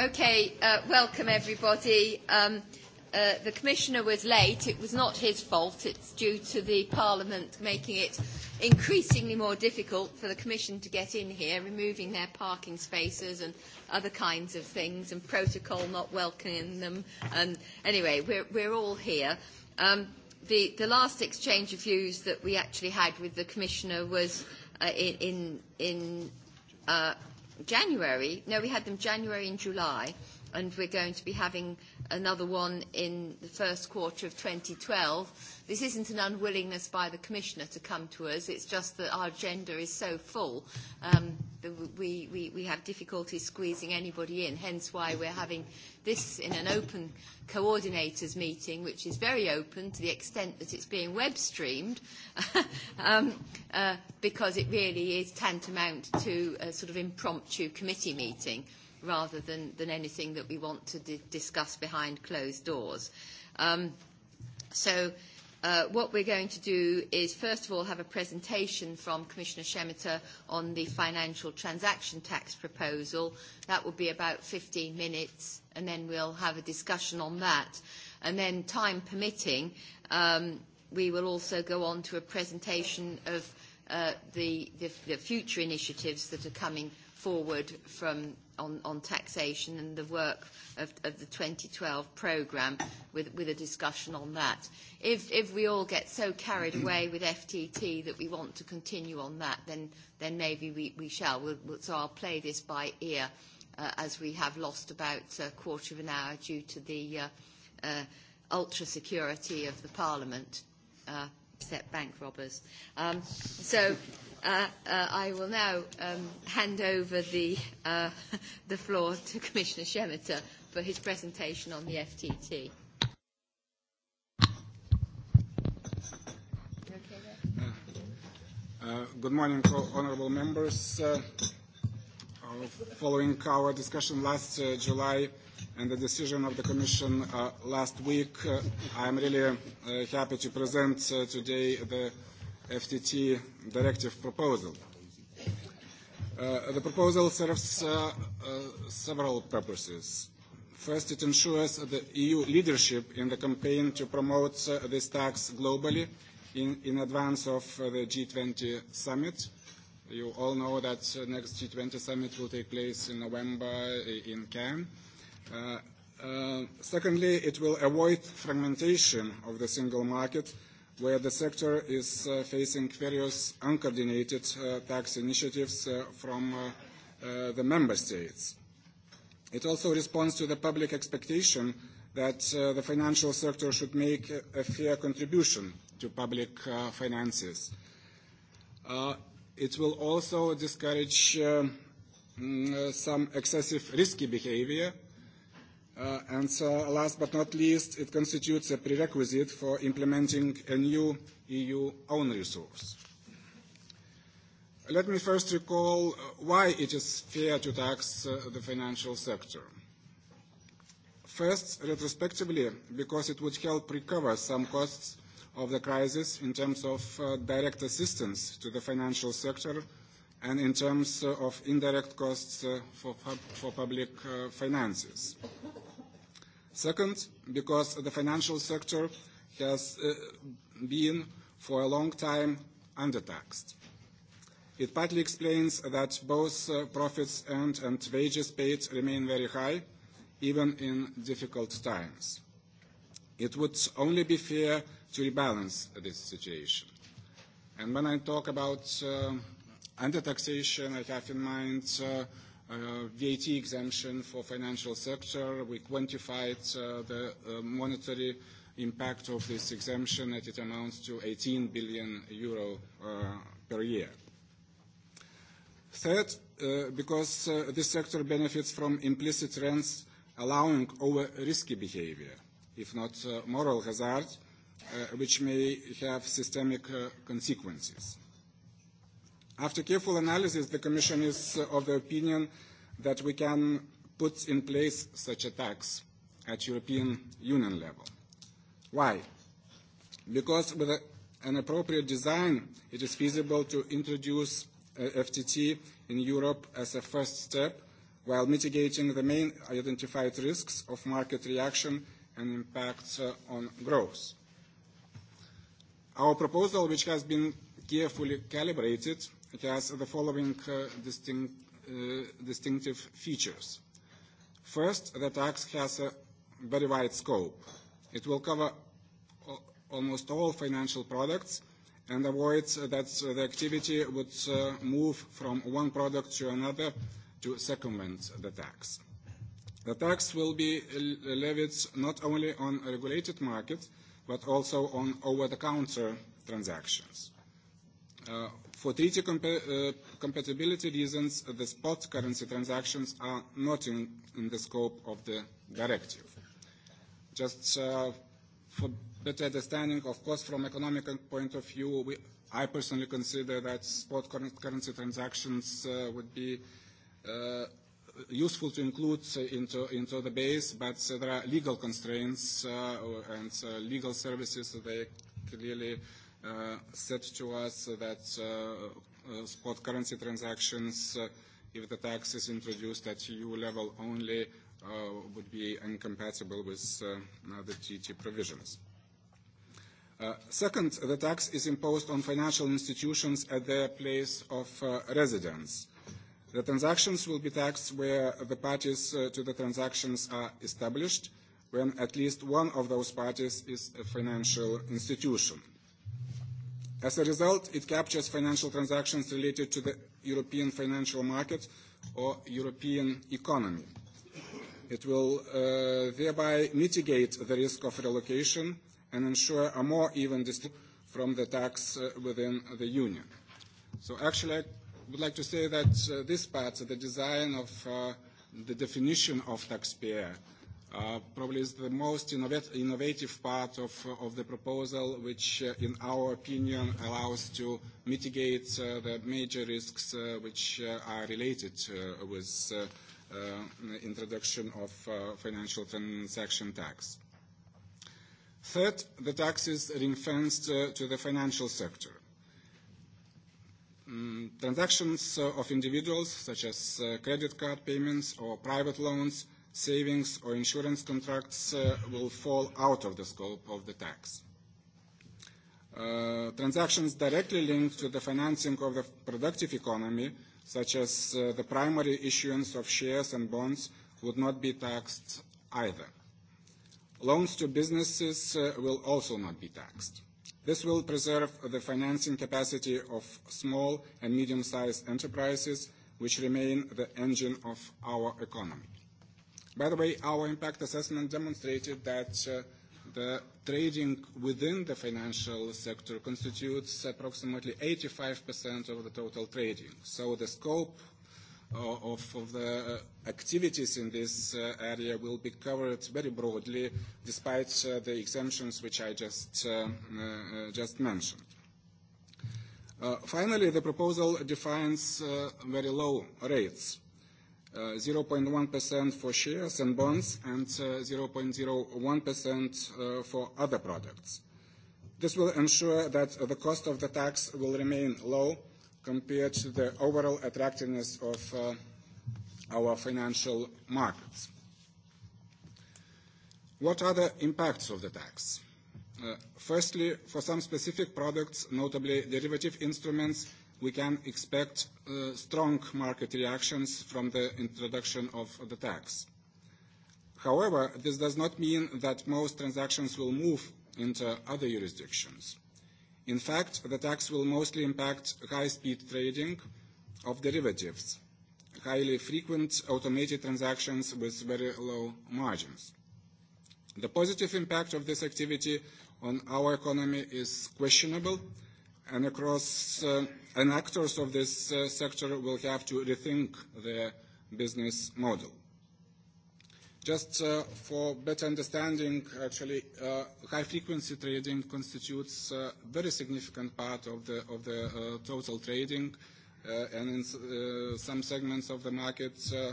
Okay, uh, welcome everybody. Um, uh, the Commissioner was late. It was not his fault. It's due to the Parliament making it increasingly more difficult for the Commission to get in here, removing their parking spaces and other kinds of things, and protocol not welcoming them. And anyway, we're, we're all here. Um, the, the last exchange of views that we actually had with the Commissioner was uh, in, in, in uh, January, no, we had them January and July, and we're going to be having another one in the first quarter of 2012. This isn't an unwillingness by the Commissioner to come to us, it's just that our agenda is so full. Um, we, we, we have difficulty squeezing anybody in, hence why we're having this in an open coordinators meeting, which is very open to the extent that it's being web streamed, um, uh, because it really is tantamount to a sort of impromptu committee meeting rather than, than anything that we want to d- discuss behind closed doors. Um, so, what we're going to do is, first of all, have a presentation from Commissioner Shemeter on the financial transaction tax proposal. That will be about 15 minutes, and then we'll have a discussion on that. And then, time permitting, we will also go on to a presentation of uh, the, the, the future initiatives that are coming forward from on, on taxation and the work of, of the 2012 programme with, with a discussion on that. If, if we all get so carried away with FTT that we want to continue on that, then, then maybe we, we shall. We'll, we'll, so I'll play this by ear uh, as we have lost about a quarter of an hour due to the uh, uh, ultra security of the Parliament, uh, except bank robbers. Um, so uh, uh, I will now um, hand over the, uh, the floor to Commissioner Shemeter for his presentation on the FTT. Uh, good morning, honorable members. Uh, following our discussion last uh, July and the decision of the Commission uh, last week, uh, I am really uh, happy to present uh, today the FTT directive proposal. Uh, the proposal serves uh, uh, several purposes. First, it ensures the EU leadership in the campaign to promote uh, this tax globally in, in advance of uh, the G20 summit. You all know that uh, next G20 summit will take place in November in Cannes. Uh, uh, secondly, it will avoid fragmentation of the single market where the sector is uh, facing various uncoordinated uh, tax initiatives uh, from uh, uh, the member states. It also responds to the public expectation that uh, the financial sector should make a fair contribution to public uh, finances. Uh, it will also discourage uh, some excessive risky behavior and so last but not least, it constitutes a prerequisite for implementing a new EU own resource. Let me first recall why it is fair to tax the financial sector. First, retrospectively, because it would help recover some costs of the crisis in terms of direct assistance to the financial sector and in terms of indirect costs for public finances. Second, because the financial sector has been for a long time undertaxed. It partly explains that both profits and wages paid remain very high, even in difficult times. It would only be fair to rebalance this situation. And when I talk about undertaxation, I have in mind VAT exemption for financial sector. We quantified the monetary impact of this exemption, and it amounts to 18 billion euro per year. Third, because this sector benefits from implicit trends allowing over risky behavior, if not moral hazard, which may have systemic consequences. After careful analysis, the Commission is of the opinion that we can put in place such a tax at European Union level. Why? Because with an appropriate design, it is feasible to introduce FTT in Europe as a first step while mitigating the main identified risks of market reaction and impacts on growth. Our proposal, which has been carefully calibrated It has the following distinctive features. First, the tax has a very wide scope. It will cover almost all financial products and avoids that the activity would move from one product to another to circumvent the tax. The tax will be levied not only on regulated markets, but also on over-the-counter transactions. For treaty compatibility reasons, the spot currency transactions are not in the scope of the directive. Just uh for better understanding, of course, from economic point of view, we I personally consider that spot currency transactions uh would be uh useful to include into into the base, but there are legal constraints uh and uh legal services, so they clearly said to us that uh, uh, spot currency transactions, uh, if the tax is introduced at EU level only, uh, would be incompatible with uh, the TT provisions. Uh, second, the tax is imposed on financial institutions at their place of uh, residence. The transactions will be taxed where the parties uh, to the transactions are established, when at least one of those parties is a financial institution. As a result, it captures financial transactions related to the European financial market or European economy. It will uh, thereby mitigate the risk of relocation and ensure a more even distribution from the tax uh, within the Union. So actually, I would like to say that uh, this part, the design of uh, the definition of taxpayer, uh, probably is the most innovative part of, of the proposal, which, uh, in our opinion, allows to mitigate uh, the major risks uh, which uh, are related uh, with uh, uh, introduction of uh, financial transaction tax. Third, the tax is ring-fenced uh, to the financial sector. Mm, transactions uh, of individuals, such as uh, credit card payments or private loans, savings or insurance contracts will fall out of the scope of the tax. Transactions directly linked to the financing of the productive economy, such as the primary issuance of shares and bonds, would not be taxed either. Loans to businesses will also not be taxed. This will preserve the financing capacity of small and medium-sized enterprises, which remain the engine of our economy. By the way, our impact assessment demonstrated that uh, the trading within the financial sector constitutes approximately 85% of the total trading. So the scope of, of the activities in this uh, area will be covered very broadly, despite uh, the exemptions which I just, uh, uh, just mentioned. Uh, finally, the proposal defines uh, very low rates 0.1% for shares and bonds, and 0.01% for other products. This will ensure that the cost of the tax will remain low compared to the overall attractiveness of our financial markets. What are the impacts of the tax? Firstly, for some specific products, notably derivative instruments, we can expect strong market reactions from the introduction of the tax. However, this does not mean that most transactions will move into other jurisdictions. In fact, the tax will mostly impact high-speed trading of derivatives, highly frequent automated transactions with very low margins. The positive impact of this activity on our economy is questionable, and across and actors of this uh, sector will have to rethink their business model. Just uh, for better understanding, actually, uh, high-frequency trading constitutes a very significant part of the, of the uh, total trading, uh, and in uh, some segments of the market, uh,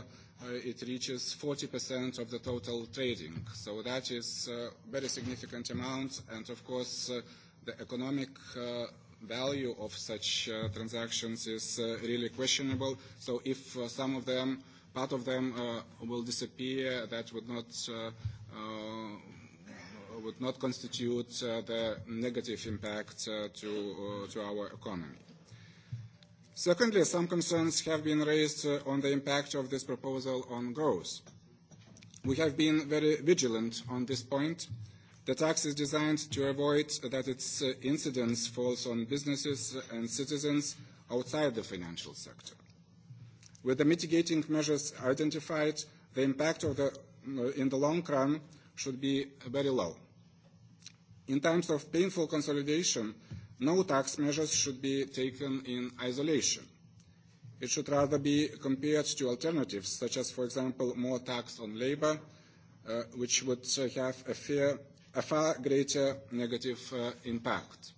it reaches 40% of the total trading. So that is a very significant amount, and of course, uh, the economic uh, value of such uh, transactions is uh, really questionable. So if uh, some of them, part of them uh, will disappear, that would not, uh, uh, would not constitute uh, the negative impact uh, to, uh, to our economy. Secondly, some concerns have been raised uh, on the impact of this proposal on growth. We have been very vigilant on this point. Uh, The tax is designed to avoid that its incidence falls on businesses and citizens outside the financial sector. With the mitigating measures identified, the impact of the, in the long run should be very low. In times of painful consolidation, no tax measures should be taken in isolation. It should rather be compared to alternatives, such as, for example, more tax on labor, uh, which would uh, have a fair a far greater negative uh, impact.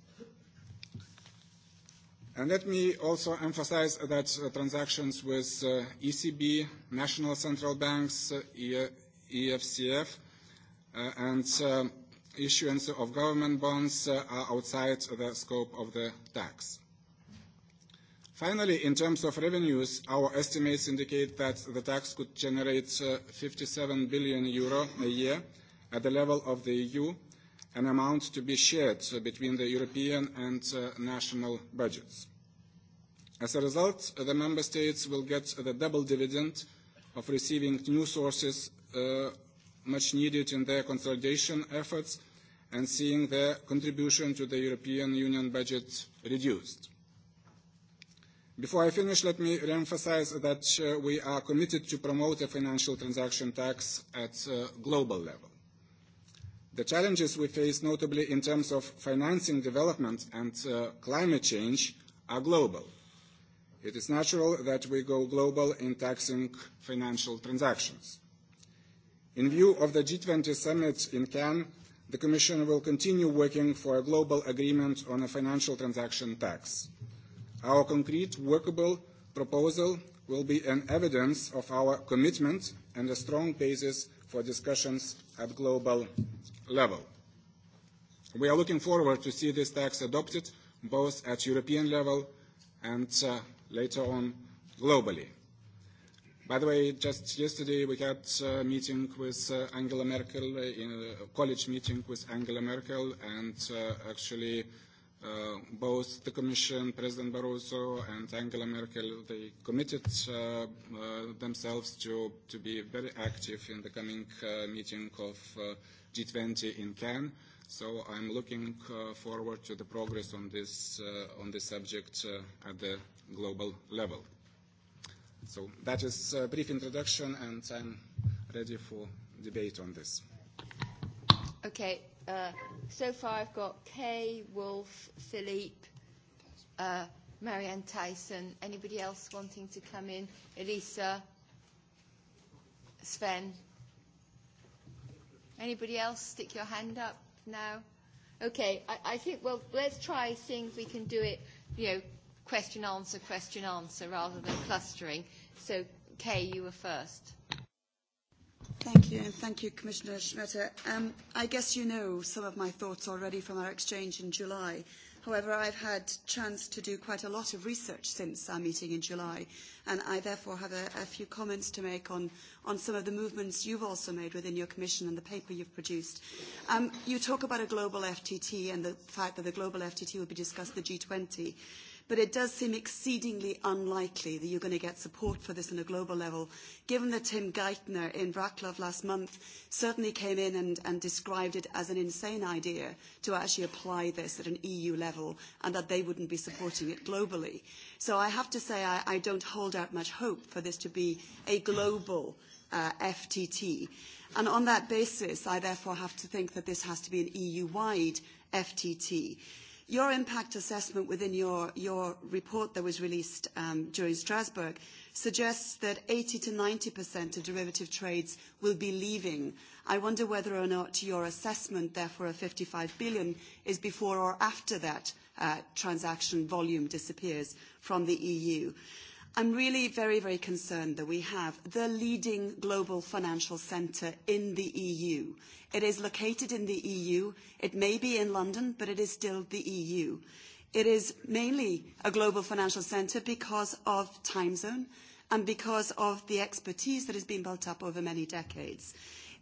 And let me also emphasize that uh, transactions with uh, ECB, national central banks, uh, EFCF, uh, and uh, issuance of government bonds uh, are outside the scope of the tax. Finally, in terms of revenues, our estimates indicate that the tax could generate uh, 57 billion euro a year, at the level of the EU, an amount to be shared between the European and national budgets. As a result, the member states will get the double dividend of receiving new sources much needed in their consolidation efforts and seeing their contribution to the European Union budget reduced. Before I finish, let me reemphasize that we are committed to promote a financial transaction tax at global level. The challenges we face, notably in terms of financing development and uh, climate change, are global. It is natural that we go global in taxing financial transactions. In view of the G20 summit in Cannes, the Commission will continue working for a global agreement on a financial transaction tax. Our concrete workable proposal will be an evidence of our commitment and a strong basis for discussions at global level. We are looking forward to see this tax adopted both at European level and uh, later on globally. By the way, just yesterday we had a meeting with uh, Angela Merkel, in a college meeting with Angela Merkel, and uh, actually uh, both the Commission, President Barroso, and Angela Merkel, they committed uh, uh, themselves to, to be very active in the coming uh, meeting of uh, g in Cannes. So I'm looking uh, forward to the progress on this, uh, on this subject uh, at the global level. So that is a brief introduction, and I'm ready for debate on this. Okay. Uh, so far, I've got Kay, Wolf, Philippe, uh, Marianne Tyson. Anybody else wanting to come in? Elisa, Sven. Anybody else stick your hand up now? Okay, I, I think, well, let's try seeing if we can do it, you know, question answer, question answer rather than clustering. So, Kay, you were first. Thank you, and thank you, Commissioner Schmetter. Um, I guess you know some of my thoughts already from our exchange in July. However, I've had chance to do quite a lot of research since our meeting in July, and I therefore have a, a few comments to make on, on some of the movements you've also made within your commission and the paper you've produced. Um, you talk about a global FTT and the fact that the global FTT will be discussed at the G20 but it does seem exceedingly unlikely that you're going to get support for this on a global level, given that Tim Geithner in Bratislava last month certainly came in and, and described it as an insane idea to actually apply this at an EU level and that they wouldn't be supporting it globally. So I have to say I, I don't hold out much hope for this to be a global uh, FTT. And on that basis, I therefore have to think that this has to be an EU-wide FTT. Your impact assessment within your, your report that was released um, during Strasbourg suggests that 80 to 90% of derivative trades will be leaving. I wonder whether or not your assessment, therefore, of 55 billion is before or after that uh, transaction volume disappears from the EU. I'm really very, very concerned that we have the leading global financial centre in the EU. It is located in the EU. It may be in London, but it is still the EU. It is mainly a global financial centre because of time zone and because of the expertise that has been built up over many decades.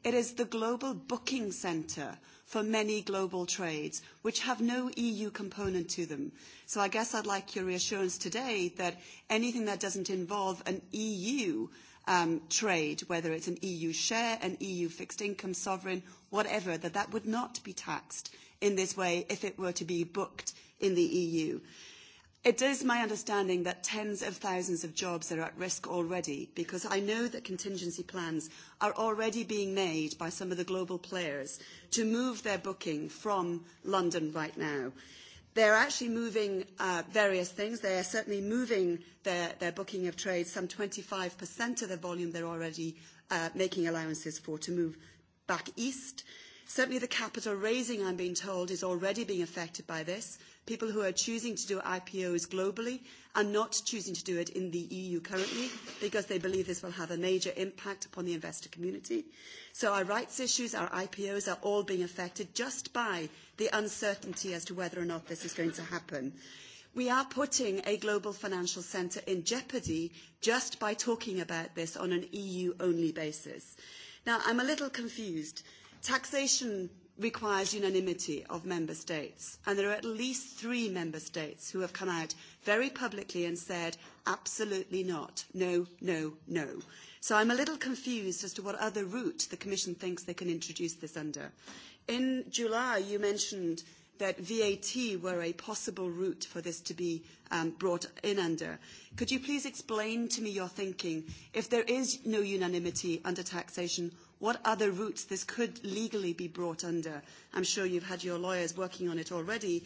It is the global booking centre for many global trades, which have no EU component to them. So I guess I'd like your reassurance today that anything that doesn't involve an EU um, trade, whether it's an EU share, an EU fixed income sovereign, whatever, that that would not be taxed in this way if it were to be booked in the EU. It is my understanding that tens of thousands of jobs are at risk already because I know that contingency plans are already being made by some of the global players to move their booking from London right now. They're actually moving uh, various things. They are certainly moving their, their booking of trade, some 25% of the volume they're already uh, making allowances for to move back east. Certainly the capital raising, I'm being told, is already being affected by this. People who are choosing to do IPOs globally are not choosing to do it in the EU currently because they believe this will have a major impact upon the investor community. So our rights issues, our IPOs are all being affected just by the uncertainty as to whether or not this is going to happen. We are putting a global financial centre in jeopardy just by talking about this on an EU-only basis. Now, I'm a little confused Taxation requires unanimity of member states, and there are at least three member states who have come out very publicly and said, absolutely not, no, no, no. So I'm a little confused as to what other route the Commission thinks they can introduce this under. In July, you mentioned that VAT were a possible route for this to be brought in under. Could you please explain to me your thinking? If there is no unanimity under taxation, what other routes this could legally be brought under. I'm sure you've had your lawyers working on it already.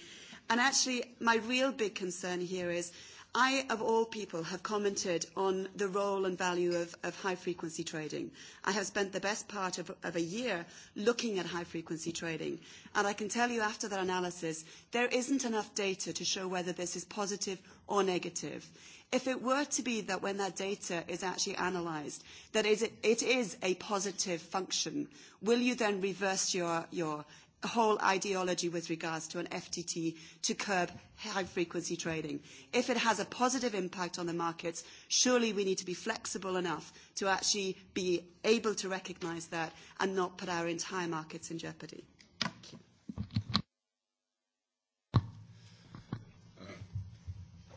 And actually, my real big concern here is I, of all people, have commented on the role and value of, of high-frequency trading. I have spent the best part of, of a year looking at high-frequency trading, and I can tell you after that analysis, there isn't enough data to show whether this is positive or negative if it were to be that when that data is actually analysed, that it, it is a positive function, will you then reverse your, your whole ideology with regards to an FTT to curb high-frequency trading? If it has a positive impact on the markets, surely we need to be flexible enough to actually be able to recognise that and not put our entire markets in jeopardy.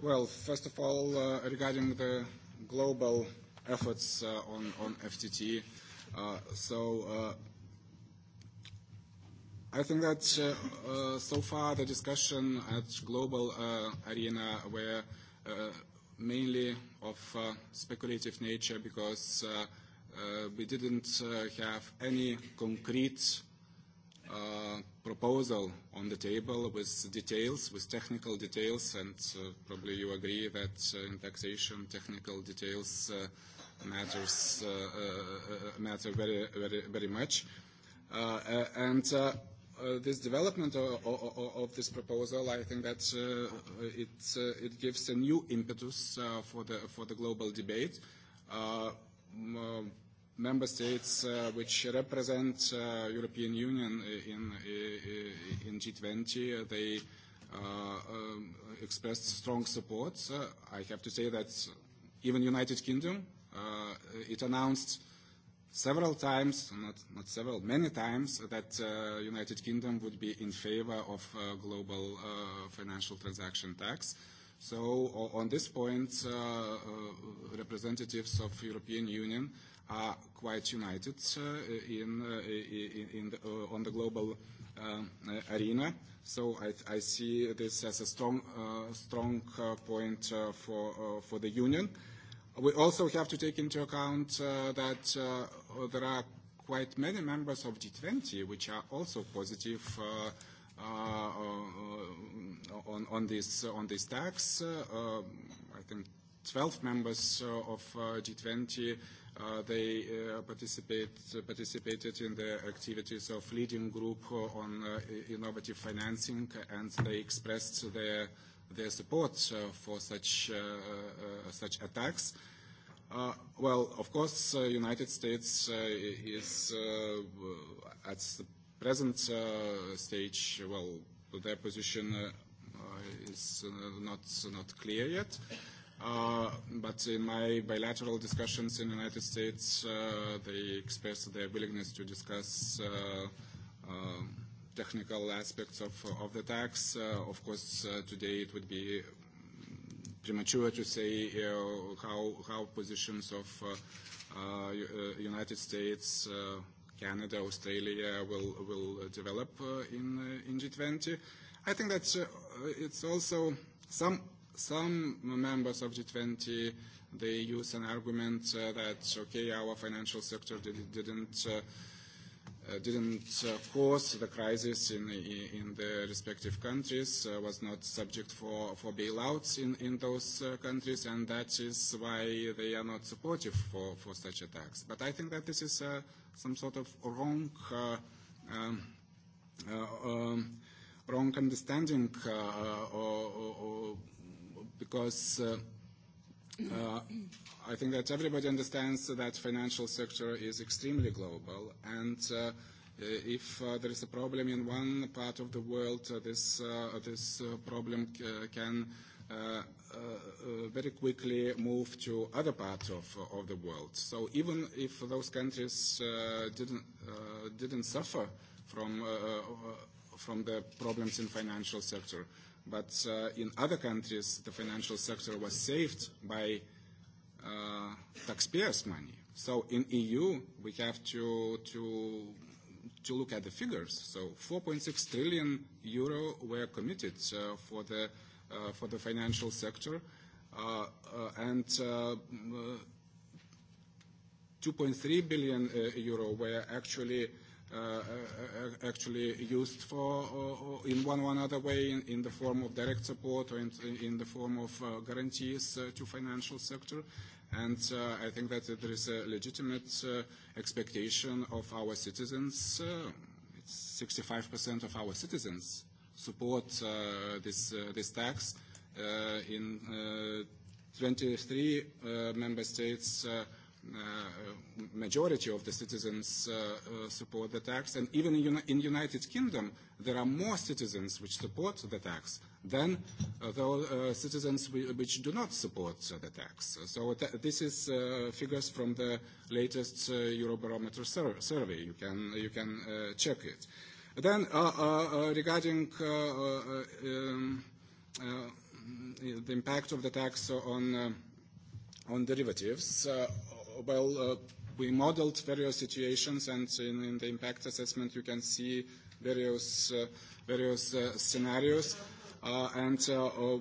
Well, first of all, uh, regarding the global efforts uh, on, on FTT, uh, so uh, I think that uh, uh, so far the discussion at global uh, arena were uh, mainly of uh, speculative nature because uh, uh, we didn't uh, have any concrete uh, proposal on the table with details, with technical details, and uh, probably you agree that uh, in taxation technical details uh, matters uh, uh, matter very very very much. Uh, and uh, uh, this development of, of, of this proposal, I think that uh, it uh, it gives a new impetus uh, for the for the global debate. Uh, member states uh, which represent uh, European Union in, in G20, they uh, um, expressed strong support. Uh, I have to say that even United Kingdom, uh, it announced several times, not, not several, many times, that uh, United Kingdom would be in favor of uh, global uh, financial transaction tax. So on this point, uh, uh, representatives of European Union uh, are quite united uh, in, uh, in the, uh, on the global uh, arena. So I, I see this as a strong, uh, strong uh, point uh, for, uh, for the Union. We also have to take into account uh, that uh, there are quite many members of G20 which are also positive uh, uh, on, on, this, on this tax. Uh, I think 12 members uh, of uh, G20 Uh, they uh, participate, participated in the activities of leading group on uh, innovative financing and they expressed their, their support uh, for such, uh, uh, such attacks. Uh, well, of course, uh, United States uh, is uh, at the present uh, stage, well, their position uh, is uh, not, not clear yet. Uh, Uh, but in my bilateral discussions in the United States, uh, they expressed their willingness to discuss uh, uh, technical aspects of, of the tax. Uh, of course, uh, today it would be premature to say uh, how, how positions of uh, uh, United States, uh, Canada, Australia will, will develop uh, in, uh, in G20. I think that uh, it's also some some members of G20 they use an argument uh, that okay our financial sector did, didn't uh, uh, didn't uh, cause the crisis in in the respective countries uh, was not subject for for bailouts in in those uh, countries and that is why they are not supportive for for such attacks but i think that this is uh, some sort of wrong uh, um, uh, um, wrong understanding uh, or, or, or because uh, uh, I think that everybody understands that financial sector is extremely global and uh, if uh, there is a problem in one part of the world, uh, this, uh, this uh, problem c can uh, uh, very quickly move to other parts of, of the world. So even if those countries uh, didn't, uh, didn't suffer from, uh, from the problems in financial sector, But uh, in other countries, the financial sector was saved by uh, taxpayers' money. So in EU, we have to, to, to look at the figures. So 4.6 trillion euro were committed uh, for, the, uh, for the financial sector. Uh, uh, and uh, 2.3 billion uh, euro were actually uh, actually used for uh, in one or another way in, in the form of direct support or in, in the form of uh, guarantees uh, to financial sector. And uh, I think that there is a legitimate uh, expectation of our citizens. Uh, it's 65% of our citizens support uh, this, uh, this tax. Uh, in uh, 23 uh, member states, uh, uh majority of the citizens uh, uh, support the tax, and even in, in United Kingdom, there are more citizens which support the tax than uh, the uh, citizens which do not support uh, the tax. So th this is uh, figures from the latest uh, Eurobarometer sur survey. You can you can uh, check it. Then uh, uh, uh, regarding. Uh, uh, um, uh, the impact of the tax on uh, on derivatives well, uh, we modeled various situations, and in, in the impact assessment, you can see various uh, various uh, scenarios, uh, and. Uh, uh,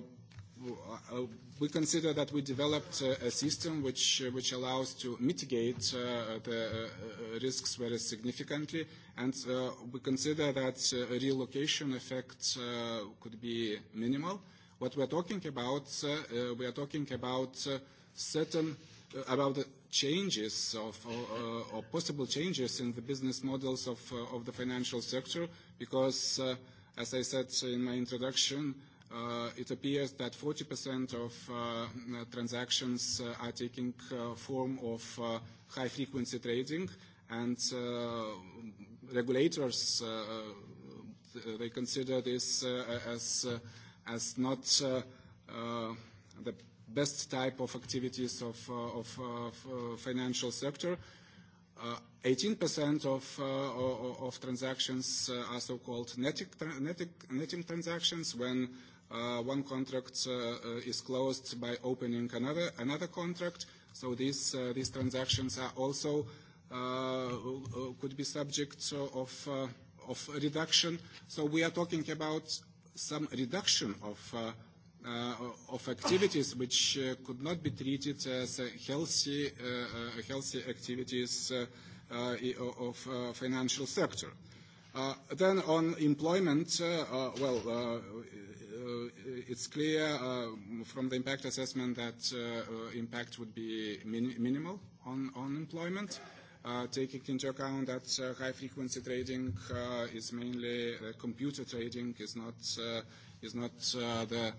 we consider that we developed uh a system which which allows to mitigate uh, the uh, risks very significantly, and uh, we consider that uh, relocation effect uh, could be minimal. What we're talking about, uh, uh, we are talking about uh, certain uh, about the changes of, or, or possible changes in the business models of, uh, of the financial sector because, uh, as I said in my introduction, uh, it appears that 40% of uh, transactions uh, are taking uh, form of uh, high-frequency trading, and uh, regulators uh, they consider this uh, as uh, as not uh, uh, the best type of activities of, uh, of uh, financial sector. Uh, 18% of, uh, of transactions are so-called netting, netting, netting transactions when uh, one contract uh, is closed by opening another, another contract. So these, uh, these transactions are also uh, could be subject of, uh, of reduction. So we are talking about some reduction of uh, of activities which could not be treated as healthy, healthy activities of financial sector. Then on employment, well, it's clear from the impact assessment that impact would be minimal on employment, taking into account that high-frequency trading is mainly computer trading, is not the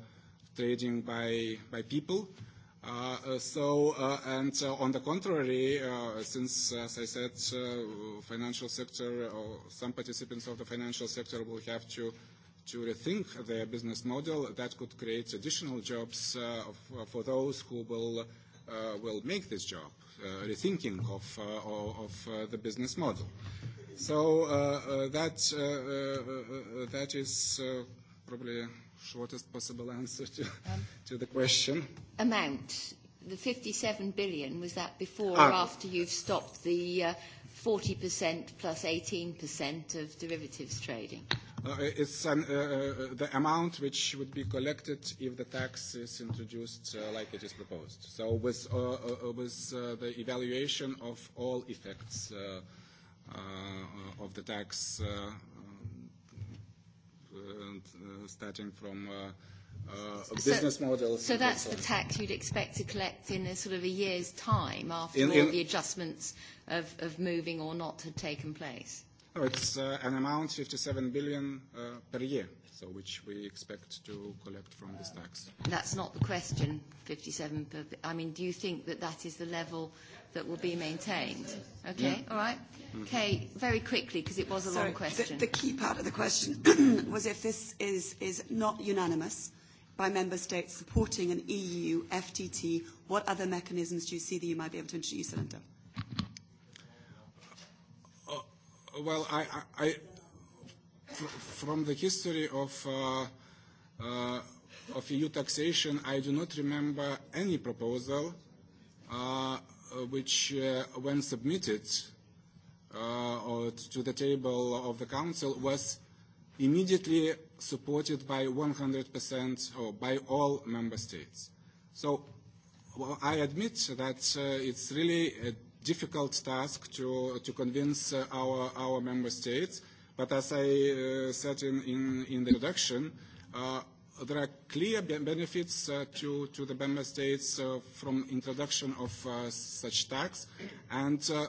trading by, by people. Uh, so, uh, and uh, on the contrary, uh, since, as I said, uh, financial sector or some participants of the financial sector will have to to rethink their business model, that could create additional jobs uh, for those who will uh, will make this job, uh, rethinking of, uh, of uh, the business model. So uh, uh, that, uh, uh, that is uh, probably shortest possible answer to, to the question. Amount. The 57 billion, was that before or after you've stopped the uh, 40% plus 18% of derivatives trading? Uh It's an, uh, the amount which would be collected if the tax is introduced uh, like it is proposed. So with, uh, uh, with uh, the evaluation of all effects uh, uh, of the tax uh, starting from a business model. So that's the tax you'd expect to collect in a sort of a year's time after all the adjustments of moving or not had taken place? Oh, it's an amount, 57 billion per year, so which we expect to collect from this tax. That's not the question, 57 per... I mean, do you think that that is the level that will be maintained. Okay, Yeah. all right? Mm-hmm. Okay, very quickly, because it was a long question. Sorry. the key part of the question was if this is, not unanimous by member states supporting an EU FTT, what other mechanisms do you see that you might be able to introduce, Linda? Uh, well, from the history of EU taxation, I do not remember any proposal which, uh, when submitted uh, to the table of the Council, was immediately supported by 100% or by all member states. So well, I admit that uh, it's really a difficult task to, to convince uh, our, our member states, but as I uh, said in, in, in the introduction, uh, there are clear benefits uh, to, to the member states uh, from introduction of uh, such tax, and uh,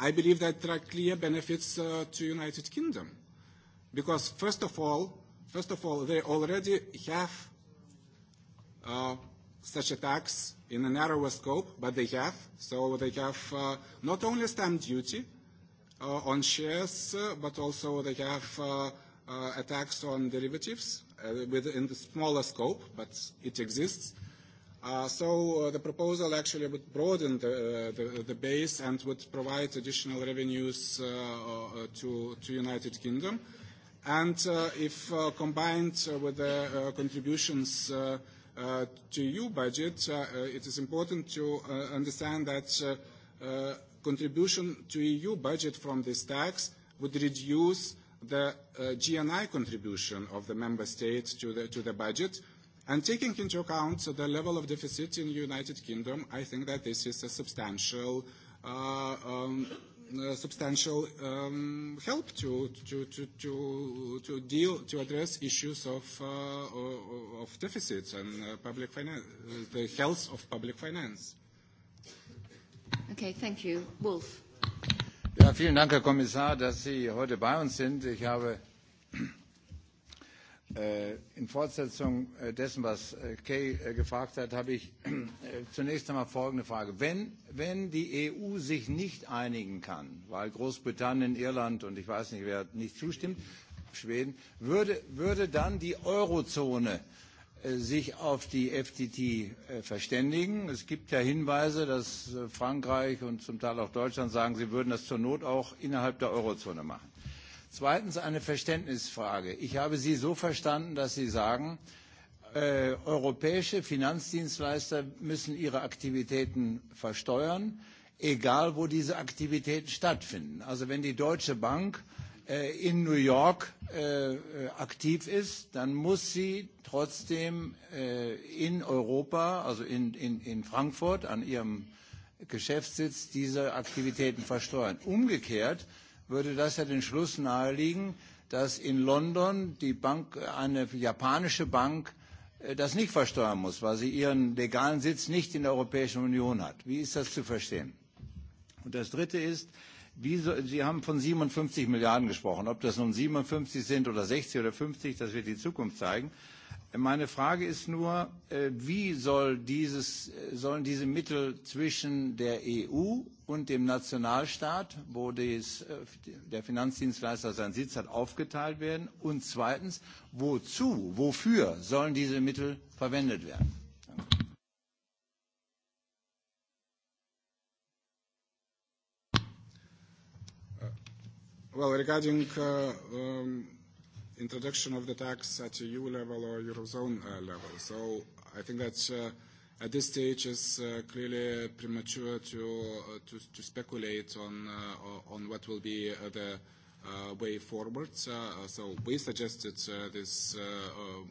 I believe that there are clear benefits uh, to United Kingdom, because first of all, first of all, they already have uh, such a tax in a narrower scope, but they have. So they have uh, not only stamp duty uh, on shares, uh, but also they have uh, uh, a tax on derivatives uh, within the smaller scope, but it exists. Uh, so uh, the proposal actually would broaden the, uh, the, the base and would provide additional revenues uh, to, to United Kingdom. And uh, if uh, combined uh, with the uh, contributions uh, uh, to EU budget, uh, it is important to uh, understand that uh, uh, contribution to EU budget from this tax would reduce the uh, GNI contribution of the member states to the, to the budget. And taking into account the level of deficit in the United Kingdom, I think that this is a substantial, uh, um, a substantial um, help to, to, to, to, to deal, to address issues of, uh, of deficits and uh, public finance, the health of public finance. Okay, thank you. Wolf. Ja, vielen Dank, Herr Kommissar, dass Sie heute bei uns sind. Ich habe in Fortsetzung dessen, was Kay gefragt hat, habe ich zunächst einmal folgende Frage. Wenn, die EU sich nicht einigen kann, weil Großbritannien, Irland und ich weiß nicht, wer nicht zustimmt, Schweden, würde, dann die Eurozone sich auf die FTT verständigen. Es gibt ja Hinweise, dass Frankreich und zum Teil auch Deutschland sagen, sie würden das zur Not auch innerhalb der Eurozone machen. Zweitens eine Verständnisfrage. Ich habe Sie so verstanden, dass Sie sagen, europäische Finanzdienstleister müssen ihre Aktivitäten versteuern, egal wo diese Aktivitäten stattfinden. Also wenn die Deutsche Bank in New York aktiv ist, dann muss sie trotzdem in Europa, also in, Frankfurt an ihrem Geschäftssitz, diese Aktivitäten versteuern. Umgekehrt würde das ja den Schluss naheliegen, dass in London eine japanische Bank das nicht versteuern muss, weil sie ihren legalen Sitz nicht in der Europäischen Union hat. Wie ist das zu verstehen? Und das Dritte ist, wie so, Sie haben von 57 Milliarden gesprochen. Ob das nun 57 sind oder 60 oder 50, das wird die Zukunft zeigen. Meine Frage ist nur, wie soll dieses, sollen diese Mittel zwischen der EU und dem Nationalstaat, wo dies, der Finanzdienstleister seinen Sitz hat, aufgeteilt werden? Und zweitens, wozu, wofür sollen diese Mittel verwendet werden? Well, regarding uh, um, introduction of the tax at EU level or Eurozone uh, level, so I think that uh, at this stage it's uh, clearly premature to, uh, to, to speculate on, uh, on what will be uh, the uh, way forward. Uh, so we suggested uh, this, uh, uh,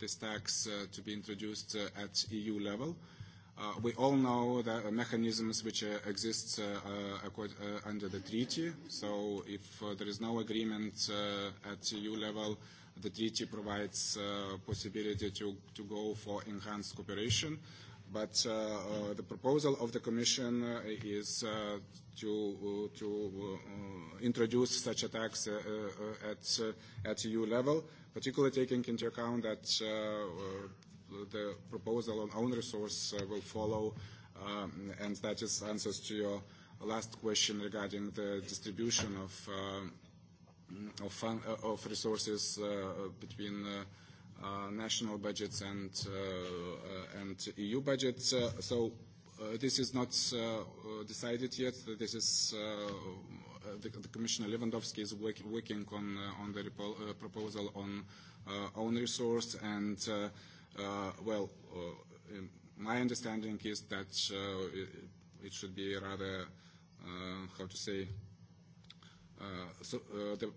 this tax uh, to be introduced uh, at EU level. Uh, Uh, we all know the mechanisms which uh, exist uh, uh, under the treaty. So if uh, there is no agreement uh, at EU level, the treaty provides uh, possibility to, to go for enhanced cooperation. But uh, uh, the proposal of the Commission uh, is uh, to, uh, to uh, introduce such a tax uh, uh, at, uh, at EU level, particularly taking into account that uh, the proposal on own resource uh, will follow, um, and that is answers to your last question regarding the distribution of uh, of, fun, uh, of resources uh, between. Uh, uh, national budgets and uh, uh and EU budgets. Uh, so uh, this is not uh, decided yet. This is uh, the, the Commissioner Lewandowski is work, working on uh, on the repo, uh, proposal on uh, own resource and. Uh, Uh, well, uh, in my understanding is that uh, it, it should be rather, uh, how to say, uh, so, uh, the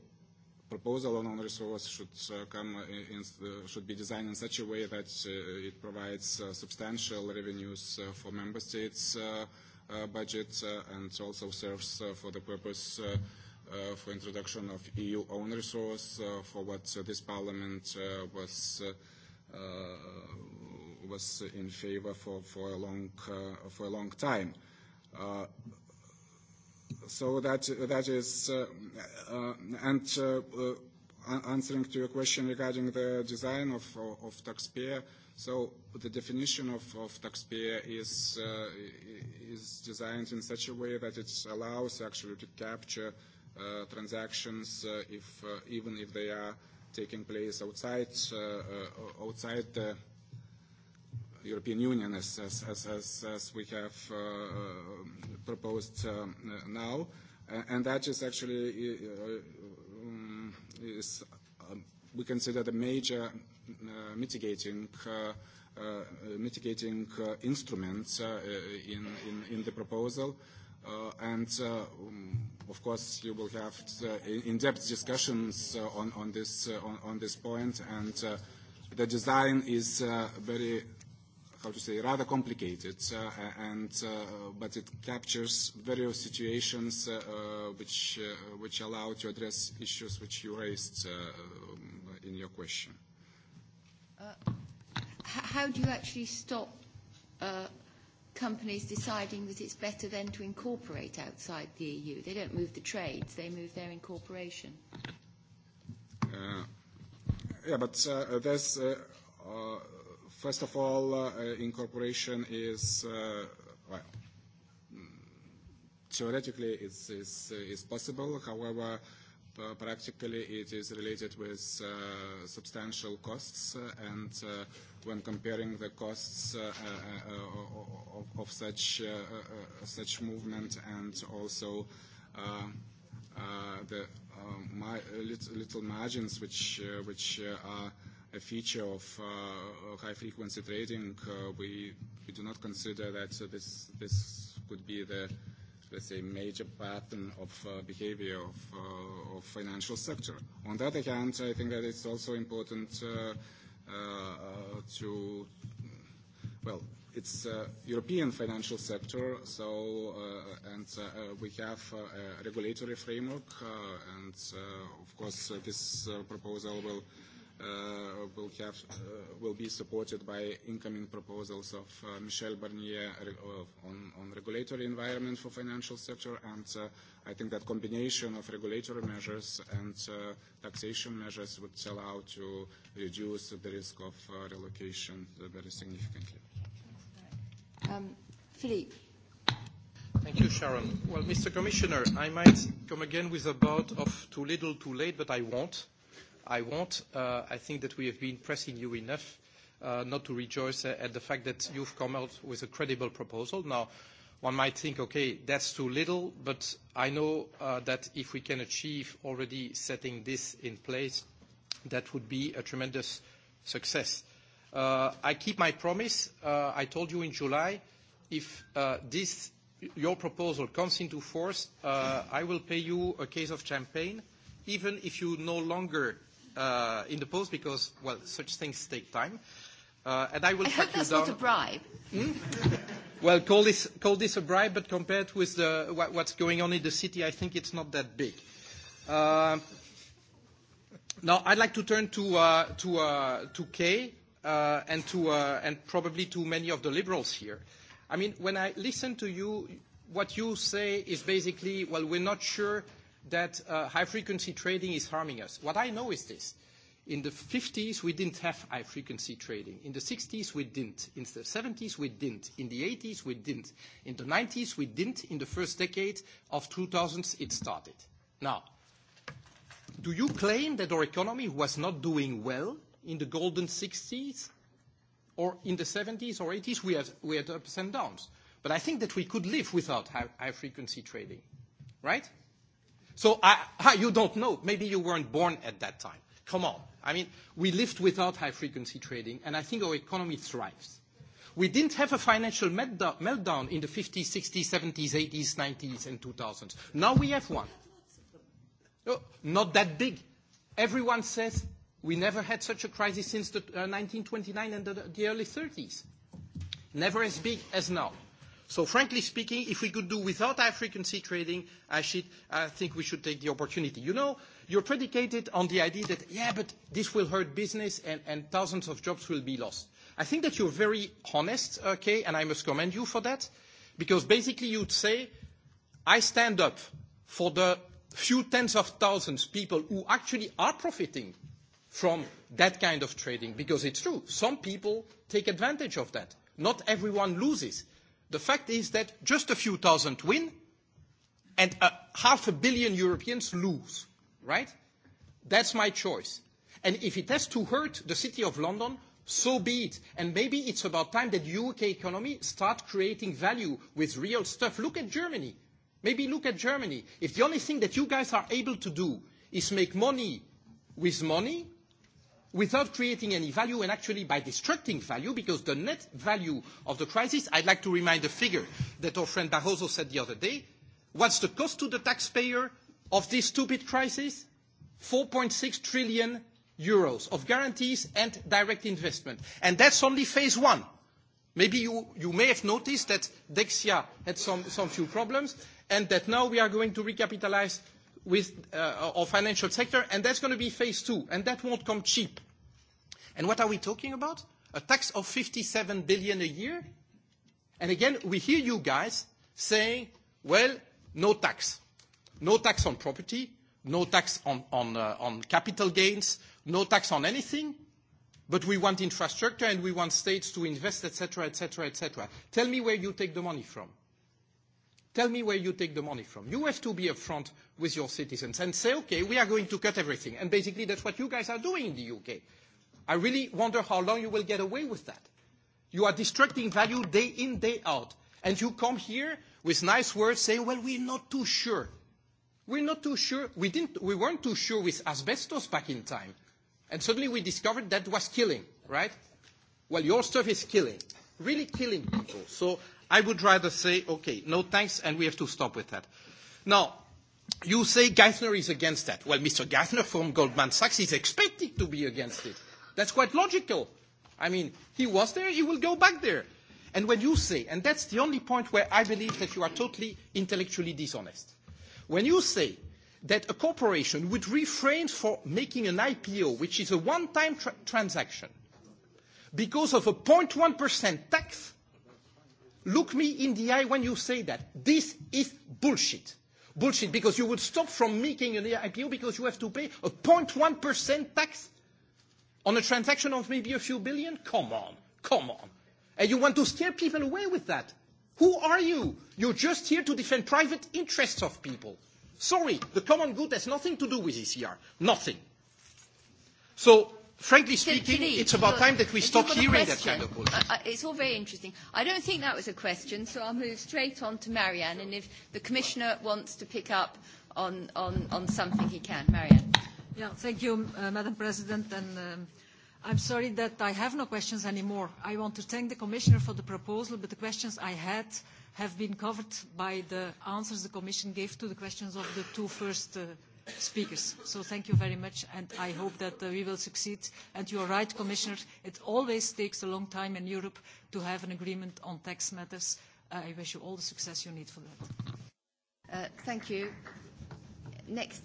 proposal on own resource should uh, come in, uh, should be designed in such a way that uh, it provides uh, substantial revenues uh, for member states' uh, uh, budgets uh, and also serves uh, for the purpose. Uh, uh, for introduction of EU own resource uh, for what uh, this parliament uh, was uh, was in favor for, for, a, long, uh, for a long time. Uh, so that, that is, uh, uh, and uh, uh, answering to your question regarding the design of, of, of taxpayer, so the definition of, of taxpayer is, uh, is designed in such a way that it allows actually to capture uh, transactions uh, if, uh, even if they are taking place outside, uh, outside the European Union as, as, as, as, as we have uh, proposed um, now. And that is actually, uh, is, um, we consider the major uh, mitigating uh, uh, mitigating uh, instruments uh, in, in, in the proposal uh, Uh, and uh, um, of course, you will have in-depth discussions uh, on, on, this, uh, on, on this point. And uh, the design is uh, very, how to say, rather complicated. Uh, and uh, but it captures various situations uh, which uh, which allow to address issues which you raised uh, in your question. Uh, how do you actually stop? Uh, companies deciding that it's better then to incorporate outside the EU. They don't move the trades, they move their incorporation. Uh, yeah, but uh, there's, uh, uh, first of all, uh, incorporation is, uh, well, theoretically it's, it's, it's possible. However, practically it is related with uh, substantial costs uh, and uh, when comparing the costs uh, uh, uh, of, of such, uh, uh, such movement and also uh, uh, the uh, my, little, little margins which, uh, which uh, are a feature of uh, high-frequency trading, uh, we, we do not consider that this, this could be the let's say, major pattern of uh, behavior of, uh, of financial sector. On the other hand, I think that it's also important uh, uh, to, well, it's uh, European financial sector, so uh, and uh, we have uh, a regulatory framework, uh, and uh, of course uh, this uh, proposal will uh, will have uh, will be supported by incoming proposals of uh, Michel Barnier on, on regulatory environment for financial sector, and uh, I think that combination of regulatory measures and uh, taxation measures would allow to reduce the risk of uh, relocation very significantly. Um, Philippe. Thank you, Sharon. Well, Mr. Commissioner, I might come again with a bout of too little, too late, but I won't I won't. Uh, I think that we have been pressing you enough uh, not to rejoice at the fact that you've come out with a credible proposal. Now, one might think, okay, that's too little, but I know uh, that if we can achieve already setting this in place, that would be a tremendous success. Uh, I keep my promise. Uh, I told you in July, if uh, this your proposal comes into force, I will pay you a case of champagne, even if you no longer uh, in the post because, well, such things take time. Uh, and I will. I hope that's not a bribe. Hmm? well, call this call this a bribe, but compared with the what, what's going on in the city, I think it's not that big. Uh, now, I'd like to turn to uh, to uh, to Kay uh, and to uh, and probably to many of the liberals here. I mean, when I listen to you, what you say is basically, well, we're not sure that high-frequency trading is harming us. What I know is this. In the 50s, we didn't have high-frequency trading. In the 60s, we didn't. In the 70s, we didn't. In the 80s, we didn't. In the 90s, we didn't. In the first decade of 2000s, it started. Now, do you claim that our economy was not doing well in the golden 60s or in the 70s or 80s? We had, we had ups and downs. But I think that we could live without high-frequency trading, right? So I, I, you don't know. Maybe you weren't born at that time. Come on. I mean, we lived without high-frequency trading, and I think our economy thrives. We didn't have a financial meltdown in the 50s, 60s, 70s, 80s, 90s, and 2000s. Now we have one. No, not that big. Everyone says we never had such a crisis since the, uh, 1929 and the, the early 30s. Never as big as now. So frankly speaking, if we could do without high frequency trading, I, should, I think we should take the opportunity. You know, you're predicated on the idea that, yeah, but this will hurt business and, and thousands of jobs will be lost. I think that you're very honest, okay, and I must commend you for that, because basically you'd say, I stand up for the few tens of thousands of people who actually are profiting from that kind of trading, because it's true. Some people take advantage of that. Not everyone loses. The fact is that just a few thousand win and a half a billion Europeans lose, right? That's my choice. And if it has to hurt the city of London, so be it. And maybe it's about time that the UK economy start creating value with real stuff. Look at Germany. Maybe look at Germany. If the only thing that you guys are able to do is make money with money, without creating any value and actually by destructing value because the net value of the crisis, I'd like to remind the figure that our friend Barroso said the other day, what's the cost to the taxpayer of this stupid crisis? 4.6 trillion euros of guarantees and direct investment. And that's only phase one. Maybe you, you may have noticed that Dexia had some, some few problems and that now we are going to recapitalize with uh, our financial sector, and that's going to be phase two, and that won't come cheap. And what are we talking about? A tax of 57 billion a year? And again, we hear you guys saying, well, no tax. No tax on property, no tax on, on, uh, on capital gains, no tax on anything, but we want infrastructure and we want states to invest, etc., etc., etc. Tell me where you take the money from. Tell me where you take the money from. You have to be upfront with your citizens and say, okay, we are going to cut everything. And basically, that's what you guys are doing in the UK. I really wonder how long you will get away with that. You are destructing value day in, day out. And you come here with nice words saying, well, we're not too sure. We're not too sure. We, didn't, we weren't too sure with asbestos back in time. And suddenly we discovered that was killing, right? Well, your stuff is killing, really killing people. So I would rather say, okay, no thanks, and we have to stop with that. Now, you say Geithner is against that. Well, Mr. Geithner from Goldman Sachs is expected to be against it. That's quite logical. I mean, he was there, he will go back there. And when you say, and that's the only point where I believe that you are totally intellectually dishonest, when you say that a corporation would refrain from making an IPO, which is a one-time transaction, because of a 0.1% tax Look me in the eye when you say that. This is bullshit. Bullshit, because you would stop from making an IPO because you have to pay a 0.1% tax on a transaction of maybe a few billion? Come on, come on. And you want to scare people away with that. Who are you? You're just here to defend private interests of people. Sorry, the common good has nothing to do with ECR. Nothing. So frankly speaking, it's about time that we stop hearing that kind of bullshit. Uh, it's all very interesting. I don't think that was a question, so I'll move straight on to Marianne. And if the Commissioner wants to pick up on, on, on something, he can. Marianne. Yeah, thank you, uh, Madam President. And, um, I'm sorry that I have no questions anymore. I want to thank the Commissioner for the proposal, but the questions I had have been covered by the answers the Commission gave to the questions of the two first uh, speakers. So thank you very much, and I hope that we will succeed. And you are right, Commissioner, it always takes a long time in Europe to have an agreement on tax matters. I wish you all the success you need for that. thank you. Next,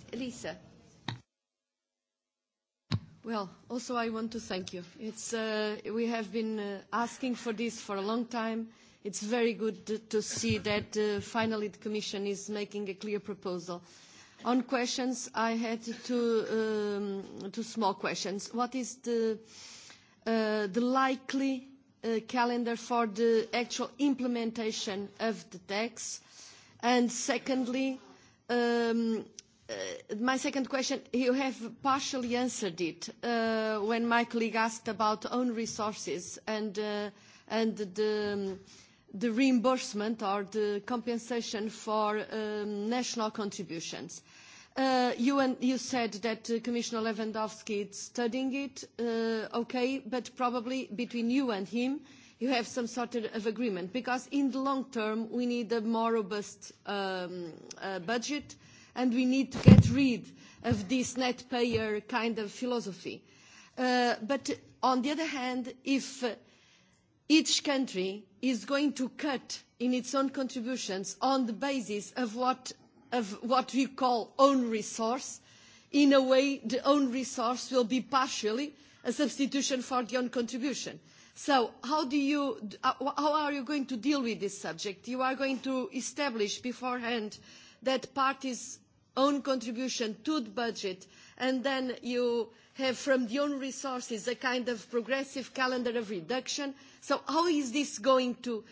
Well, also I want to thank you. It's, uh, we have been uh, asking for this for a long time. It's very good to, to see that uh, finally the Commission is making a clear proposal. Uh, On questions, I had two small questions. What is the likely calendar for the actual implementation of the tax? And secondly, my second question, you have partially answered it when my colleague asked about own resources and the reimbursement or the compensation for national contributions. You said that Commissioner Lewandowski is studying it. Okay, but probably between you and him, you have some sort of agreement, because in the long term, we need a more robust budget, and we need to get rid of this net payer kind of philosophy. But on the other hand, if each country is going to cut in its own contributions on the basis of what of what we call own resource, in a way the own resource will be partially a substitution for the own contribution. So how, do you, how are you going to deal with this subject? You are going to establish beforehand that parties' own contribution to the budget, and then you have from the own resources a kind of progressive calendar of reduction. So how is this going to,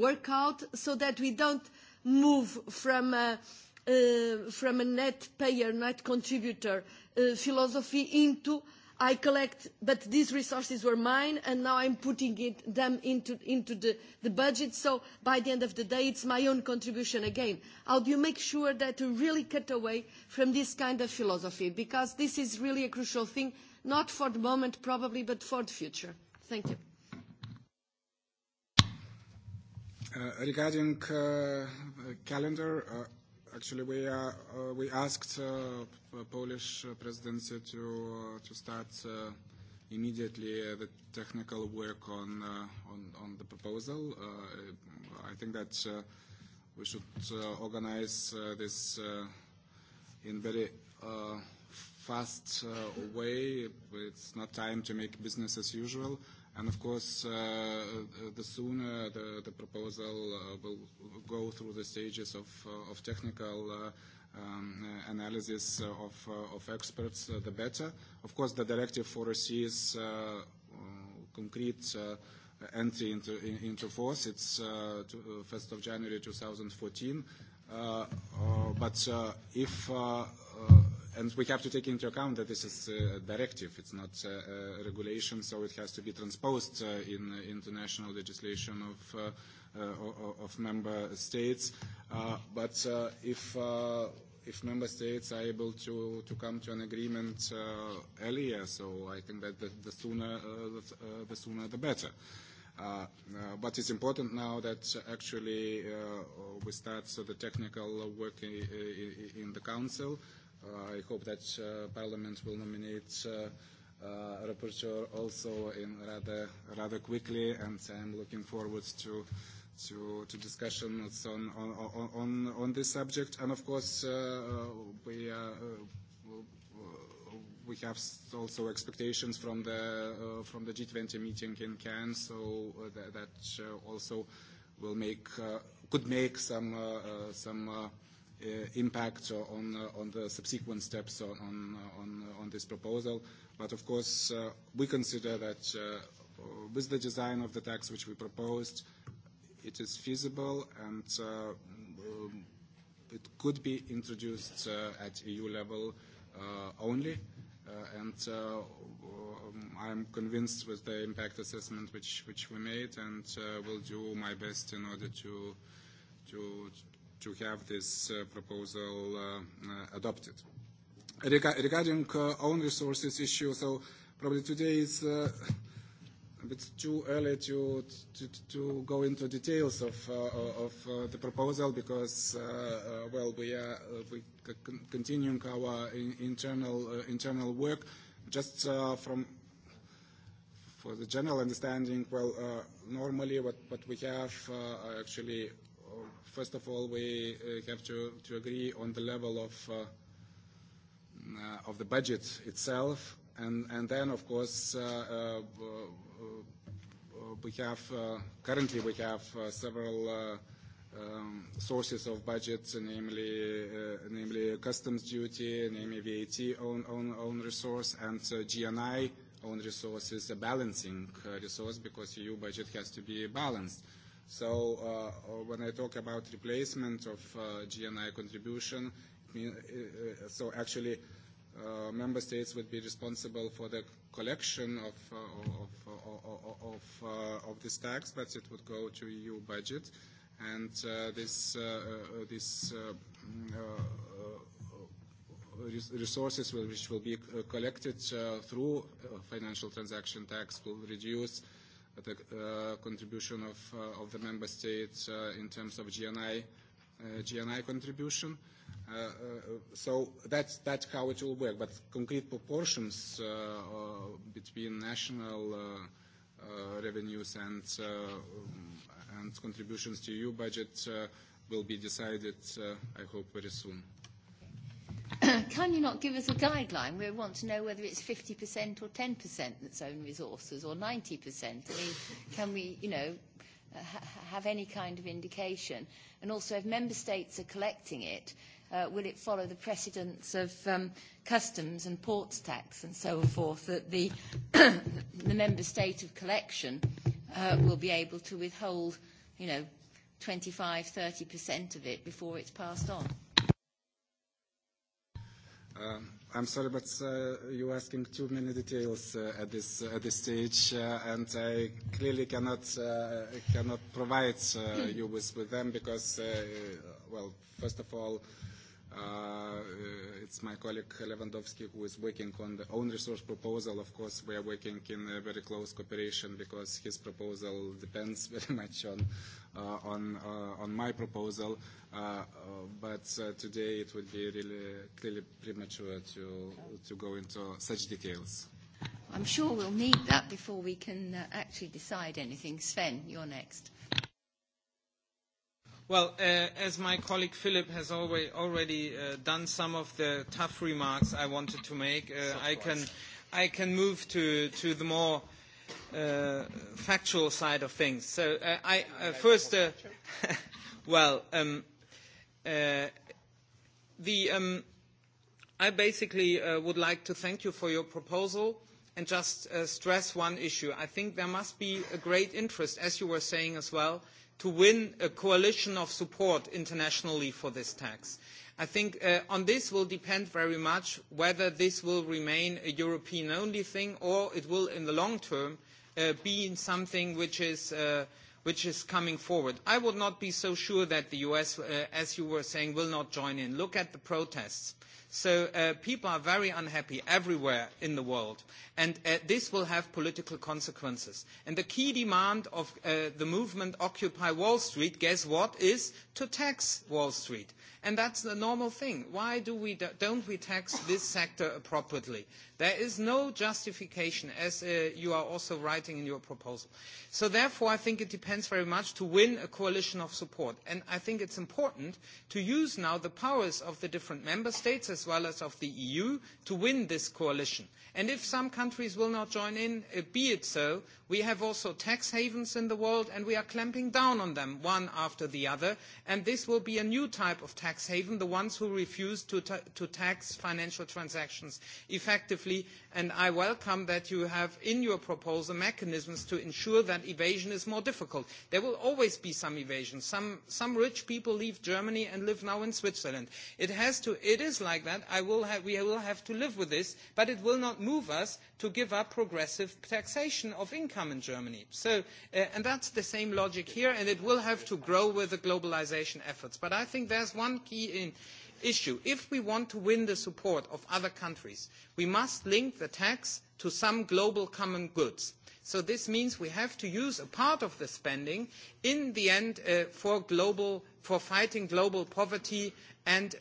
work out so that we don't move from from a net payer, net contributor philosophy into I collect, but these resources were mine, and now I'm putting it, them into, into the, the budget. So by the end of the day, it's my own contribution again. How do you make sure that you really cut away from this kind of philosophy? Because this is really a crucial thing, not for the moment probably, but for the future. Thank you. regarding calendar, Actually, we, uh, uh, we asked uh, Polish presidency to, uh, to start uh, immediately uh, the technical work on, uh, on, on the proposal. Uh, I think that uh, we should uh, organize uh, this uh, in very uh, fast uh, way. It's not time to make business as usual. Uh, And of course, uh, the sooner the, the proposal uh, will go through the stages of, uh, of technical uh, um, uh, analysis of, uh, of experts, uh, the better. Of course, the directive foresees uh, concrete uh, entry into, in, into force. It's uh, to, uh, 1st of January 2014. Uh, uh, but uh, if uh, and we have to take into account that this is a directive, it's not a, a regulation, so it has to be transposed uh, in international legislation of, uh, uh, of member states. Uh, but uh, if uh, if member states are able to, to come to an agreement uh, earlier, so I think that the, the sooner uh, the, uh, the sooner the better. Uh, uh, but it's important now that actually uh, we start so the technical work in, in the council. I hope that uh Parliament will nominate uh, uh rapporteur also in rather rather quickly, and I'm looking forward to to to discussions on on on on this subject. And of course, uh, we. Uh, we have also expectations from the uh, from the G20 meeting in Cannes, so uh, that, that uh, also will make uh, could make some uh, uh, some uh, impact on on the subsequent steps on on on on this proposal. But of course, uh we consider that uh with the design of the tax which we proposed, it is feasible and uh um it could be introduced uh at EU level uh only. uh And uh I'm convinced with the impact assessment which which we made, and uh will do my best in order to to to have this uh, proposal uh, uh, adopted. regarding uh, own resources issue, so probably today is uh, a bit too early to, to, to go into details of, uh, of uh, the proposal because, uh, uh, well, we are uh, we c continuing our in internal, uh, internal work. Just uh, from for the general understanding, well, uh, normally what, what we have uh, actually first of all, we uh, have to, to agree on the level of, uh, uh, of the budget itself, and, and then, of course, uh, uh, we have uh, currently we have uh, several. Uh, um, sources of budgets, namely, uh, namely customs duty, namely VAT own, own, own resource, and uh, GNI own resources, a balancing uh, resource because EU budget has to be balanced. Uh, So uh, when I talk about replacement of uh, GNI contribution, it mean, uh, so actually uh, member states would be responsible for the collection of, uh, of, of, uh, of this tax, but it would go to EU budget. And uh, this, uh, uh, this uh, uh, resources which will be collected uh, through financial transaction tax will reduce the uh, contribution of, uh, of the member states uh, in terms of GNI, uh, GNI contribution. Uh, uh, so that's, that's how it will work. But concrete proportions uh, uh, between national uh, uh, revenues and, uh, and contributions to EU budget uh, will be decided, uh, I hope, very soon can you not give us a guideline? We want to know whether it's 50% or 10% that's own resources or 90%. I mean, can we, you know, have any kind of indication? And also, if member states are collecting it, uh, will it follow the precedence of um, customs and ports tax and so forth that the, the member state of collection uh, will be able to withhold, you know, 25, 30% of it before it's passed on? I'm sorry, but uh, you're asking too many details uh, at this at this stage, uh, and I clearly cannot uh, cannot provide uh, you with, with them because, uh, well, first of all, uh, It's my colleague Lewandowski who is working on the own resource proposal. Of course, we are working in a very close cooperation because his proposal depends very much on uh, on uh, on my proposal. Uh, uh, but uh, today it would be really clearly premature to to go into such details. I'm sure we'll need that before we can uh, actually decide anything. Sven, you're next. Well, uh, as my colleague Philip has already, already uh, done some of the tough remarks I wanted to make, uh, I, can, I can move to, to the more uh, factual side of things. So uh, I uh, first, uh, well, um, uh, the um, I basically uh, would like to thank you for your proposal and just uh, stress one issue. I think there must be a great interest, as you were saying as well, uh, to win a coalition of support internationally for this tax. I think on this will depend very much whether this will remain a European-only thing or it will, in the long term, be something which is coming forward. I would not be so sure that the U.S., as you were saying, will not join in. Look at the protests So uh, people are very unhappy everywhere in the world, and uh, this will have political consequences. And the key demand of uh, the movement Occupy Wall Street, guess what, is to tax Wall Street. And that's the normal thing. Why do we do, don't we tax this sector appropriately? There is no justification, as uh, you are also writing in your proposal. So therefore, I think it depends very much to win a coalition of support. And I think it's important to use now the powers of the different member states, as as well as of the EU to win this coalition. And if some countries will not join in, be it so, we have also tax havens in the world and we are clamping down on them one after the other. And this will be a new type of tax haven, the ones who refuse to, tax financial transactions effectively. And I welcome that you have in your proposal mechanisms to ensure that evasion is more difficult. There will always be some evasion. Some, some rich people leave Germany and live now in Switzerland. It, has to, it is like that that. I will have, we will have to live with this, but it will not move us to give up progressive taxation of income in Germany. So, uh, and that's the same logic here, and it will have to grow with the globalisation efforts. But I think there's one key in issue. If we want to win the support of other countries, we must link the tax to some global common goods. So this means we have to use a part of the spending in the end for global for fighting global poverty and,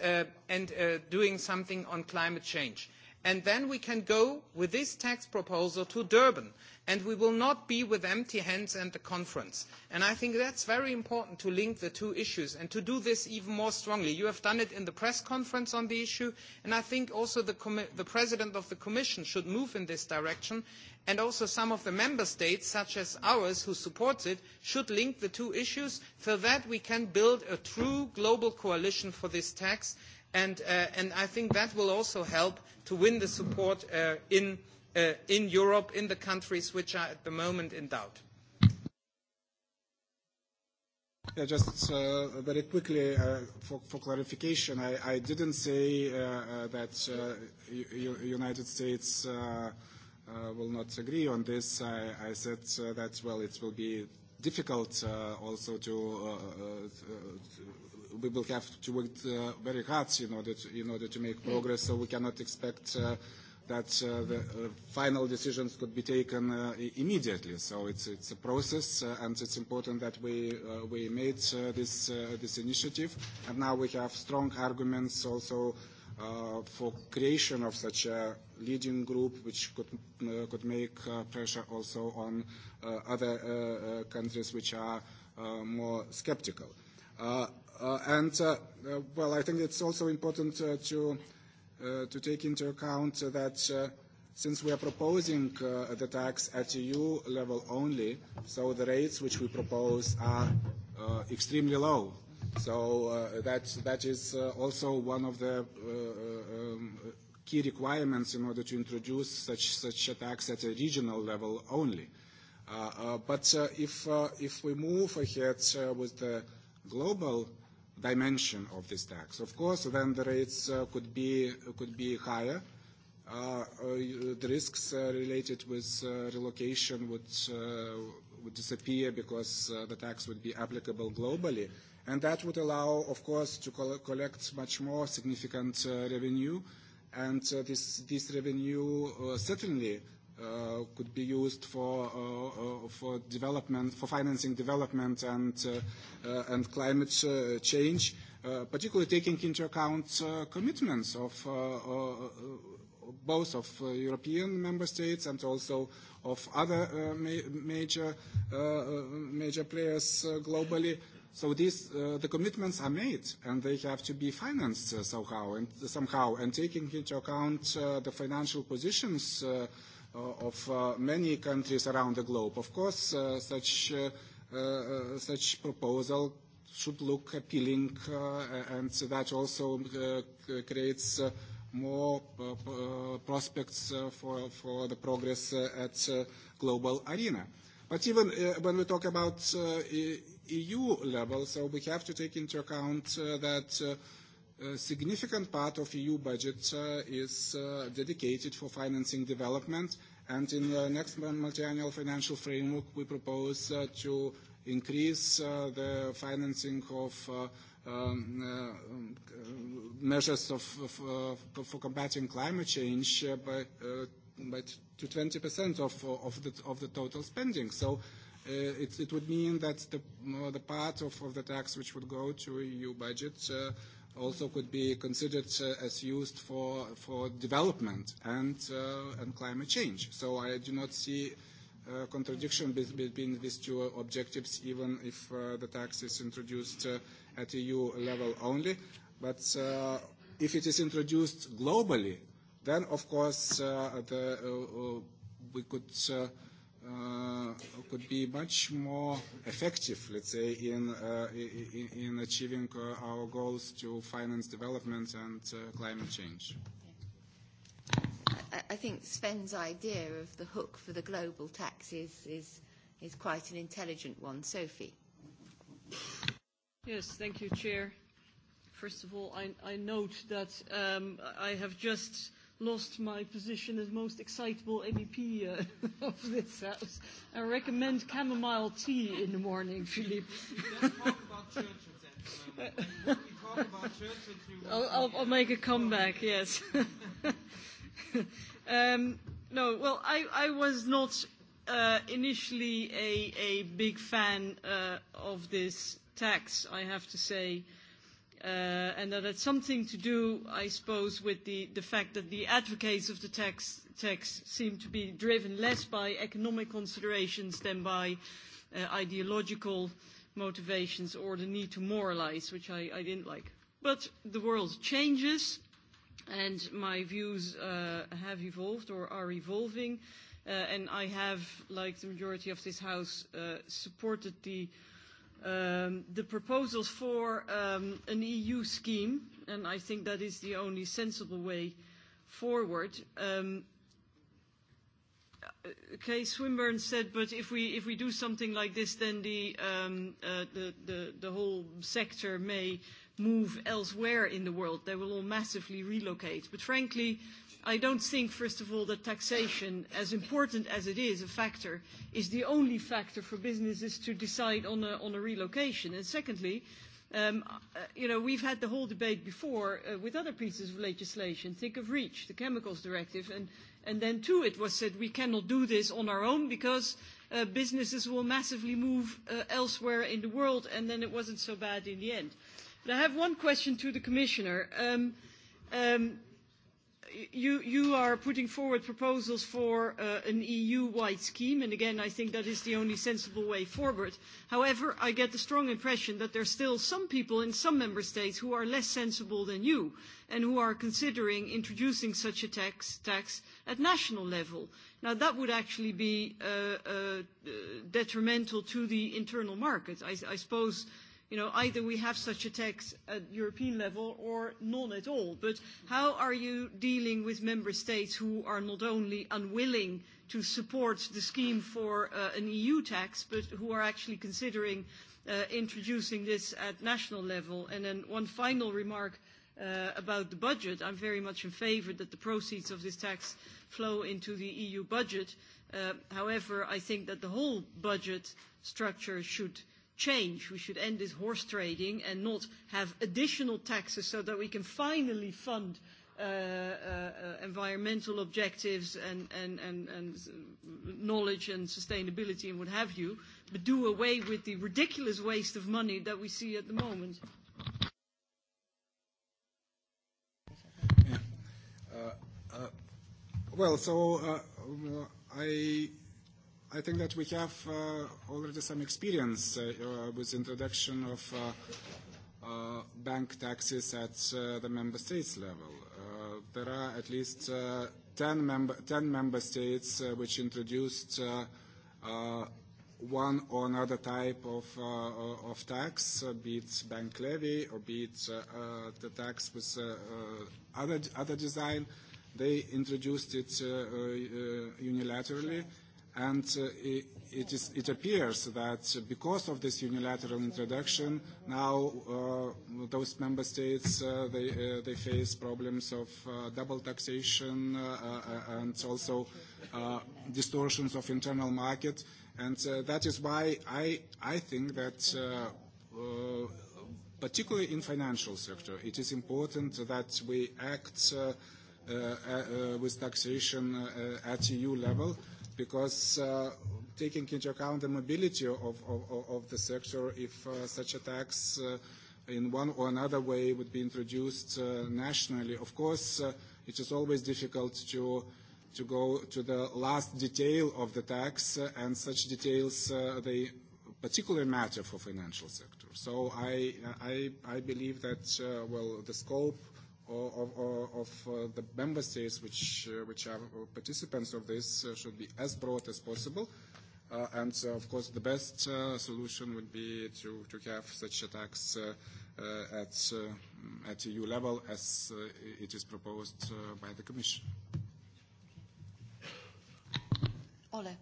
doing something on climate change and then we can go with this tax proposal to Durban, and we will not be with empty hands at the conference. I think that is very important to link the two issues and to do this even more strongly. You have done it in the press conference on the issue, and I think also the, President of the Commission should move in this direction, and also some of the member states, such as ours, who support it, should link the two issues so that we can build a true global coalition for this tax And, I think that will also help to win the support in, Europe, in the countries which are at the moment in doubt. Yeah, just uh, very quickly uh, for, for clarification, I, I didn't say uh, uh, that uh, U- United States uh, uh, will not agree on this. I, I said uh, that well, it will be difficult uh, also to uh, uh, we will have to work uh, very hard in order to, in order to make progress. So we cannot expect uh, that uh, the uh, final decisions could be taken uh, immediately. So it's, it's a process, uh, and it's important that we, uh, we made uh, this, uh, this initiative. And now we have strong arguments also uh, for creation of such a leading group, which could, uh, could make uh, pressure also on uh, other uh, uh, countries which are uh, more skeptical. Uh, and, well, I think it's also important to, to take into account that since we are proposing the tax at EU level only, so the rates which we propose are extremely low. So that, that is also one of the key requirements in order to introduce such, such a tax at a regional level only. but if, if we move ahead with the global dimension of this tax. Of course, when the rates uh, could be could be higher, uh, uh, the risks uh, related with uh, relocation would uh, would disappear because uh, the tax would be applicable globally, and that would allow, of course, to col- collect much more significant uh, revenue, and uh, this this revenue uh, certainly uh, could be used for uh, uh, for development, for financing development and uh, uh, and climate uh, change, uh, particularly taking into account uh, commitments of. Uh, uh, both of uh, European member states and also of other uh, ma major uh, major players uh, globally. So these uh, the commitments are made and they have to be financed uh, somehow and somehow and taking into account uh, the financial positions. Uh, uh, of uh, many countries around the globe. Of course, uh, such, uh, uh, such proposal should look appealing uh, and that also uh, creates uh, more uh, prospects uh, for, for the progress uh, at uh, global arena. But even uh, when we talk about uh, EU level, so we have to take into account uh, that uh, A significant part of EU budget uh, is uh, dedicated for financing development, and in the next multi-annual financial framework, we propose uh, to increase uh, the financing of uh, um, uh, measures of, of, uh, for combating climate change uh, by, uh, by to 20% of, of, the, of the total spending. So uh, it, it would mean that the, uh, the part of, of the tax which would go to EU budget uh, also could be considered uh, as used for, for development and, uh, and climate change. So I do not see uh, contradiction between these two objectives, even if uh, the tax is introduced uh, at EU level only. But uh, if it is introduced globally, then of course uh, the, uh, uh, we could uh, uh, could be much more effective, let's say, in, uh, in, in achieving uh, our goals to finance development and uh, climate change. I think Sven's idea of the hook for the global tax is, is, is quite an intelligent one. Sophie. Yes, thank you, Chair. First of all, I, I note that um, I have just lost my position as most excitable MEP uh, of this house. I recommend chamomile tea in the morning, Philippe. Let's talk about churches I'll, I'll, I'll make a comeback, yes. um, no, well, I, I was not uh, initially a, a big fan uh, of this tax, I have to say and that had something to do, I suppose, with the, the fact that the advocates of the tax, text seem to be driven less by economic considerations than by ideological motivations or the need to moralise, which I, I didn't like. But the world changes, and my views uh, have evolved or are evolving, uh, and I have, like the majority of this House, uh, supported the the proposals for an EU scheme, and I think that is the only sensible way forward. Okay, Swinburne said, but if we if we do something like this, then the um, uh, the, the the whole sector may move elsewhere in the world. They will all massively relocate. But frankly, I don't think, first of all, that taxation, as important as it is a factor, is the only factor for businesses to decide on a, on a relocation. And secondly, um, you know, we've had the whole debate before uh, with other pieces of legislation. Think of REACH, the chemicals directive, and, and then too it was said we cannot do this on our own because uh, businesses will massively move uh, elsewhere in the world, and then it wasn't so bad in the end. But I have one question to the Commissioner. Um, um, you are putting forward proposals for an EU-wide scheme, and again, I think that is the only sensible way forward. However, I get the strong impression that there are still some people in some member states who are less sensible than you and who are considering introducing such a tax, at national level. Now, that would actually be detrimental to the internal market. I, suppose You know, either we have such a tax at European level or none at all. But how are you dealing with member states who are not only unwilling to support the scheme for an EU tax, but who are actually considering introducing this at national level? And then one final remark about the budget. I'm very much in favour that the proceeds of this tax flow into the EU budget. however, I think that the whole budget structure should change. We should end this horse trading and not have additional taxes so that we can finally fund uh, uh, environmental objectives and, and, and, and knowledge and sustainability and what have you, but do away with the ridiculous waste of money that we see at the moment. Yeah. Uh, uh, well, so uh, I I think that we have uh, already some experience uh, uh, with introduction of uh, uh, bank taxes at uh, the member states level. Uh, there are at least uh, 10, member, 10 member states uh, which introduced uh, uh, one or another type of, uh, of tax, uh, be it bank levy or be it uh, uh, the tax with uh, uh, other, other design. They introduced it uh, uh, unilaterally. Yeah And it appears that because of this unilateral introduction, now those member states, they face problems of double taxation and also distortions of internal market. And that is why I think that particularly in financial sector, it is important that we act with taxation at EU level because uh, taking into account the mobility of, of, of the sector, if uh, such a tax uh, in one or another way would be introduced uh, nationally, of course, uh, it is always difficult to to go to the last detail of the tax, uh, and such details uh, they particularly matter for financial sector. So I I, I believe that uh, well the scope of, of, of the member states which, uh, which are participants of this uh, should be as broad as possible. Uh, and so of course, the best uh, solution would be to, to have such attacks uh, uh, at, uh, at EU level as uh, it is proposed uh, by the Commission. Ole.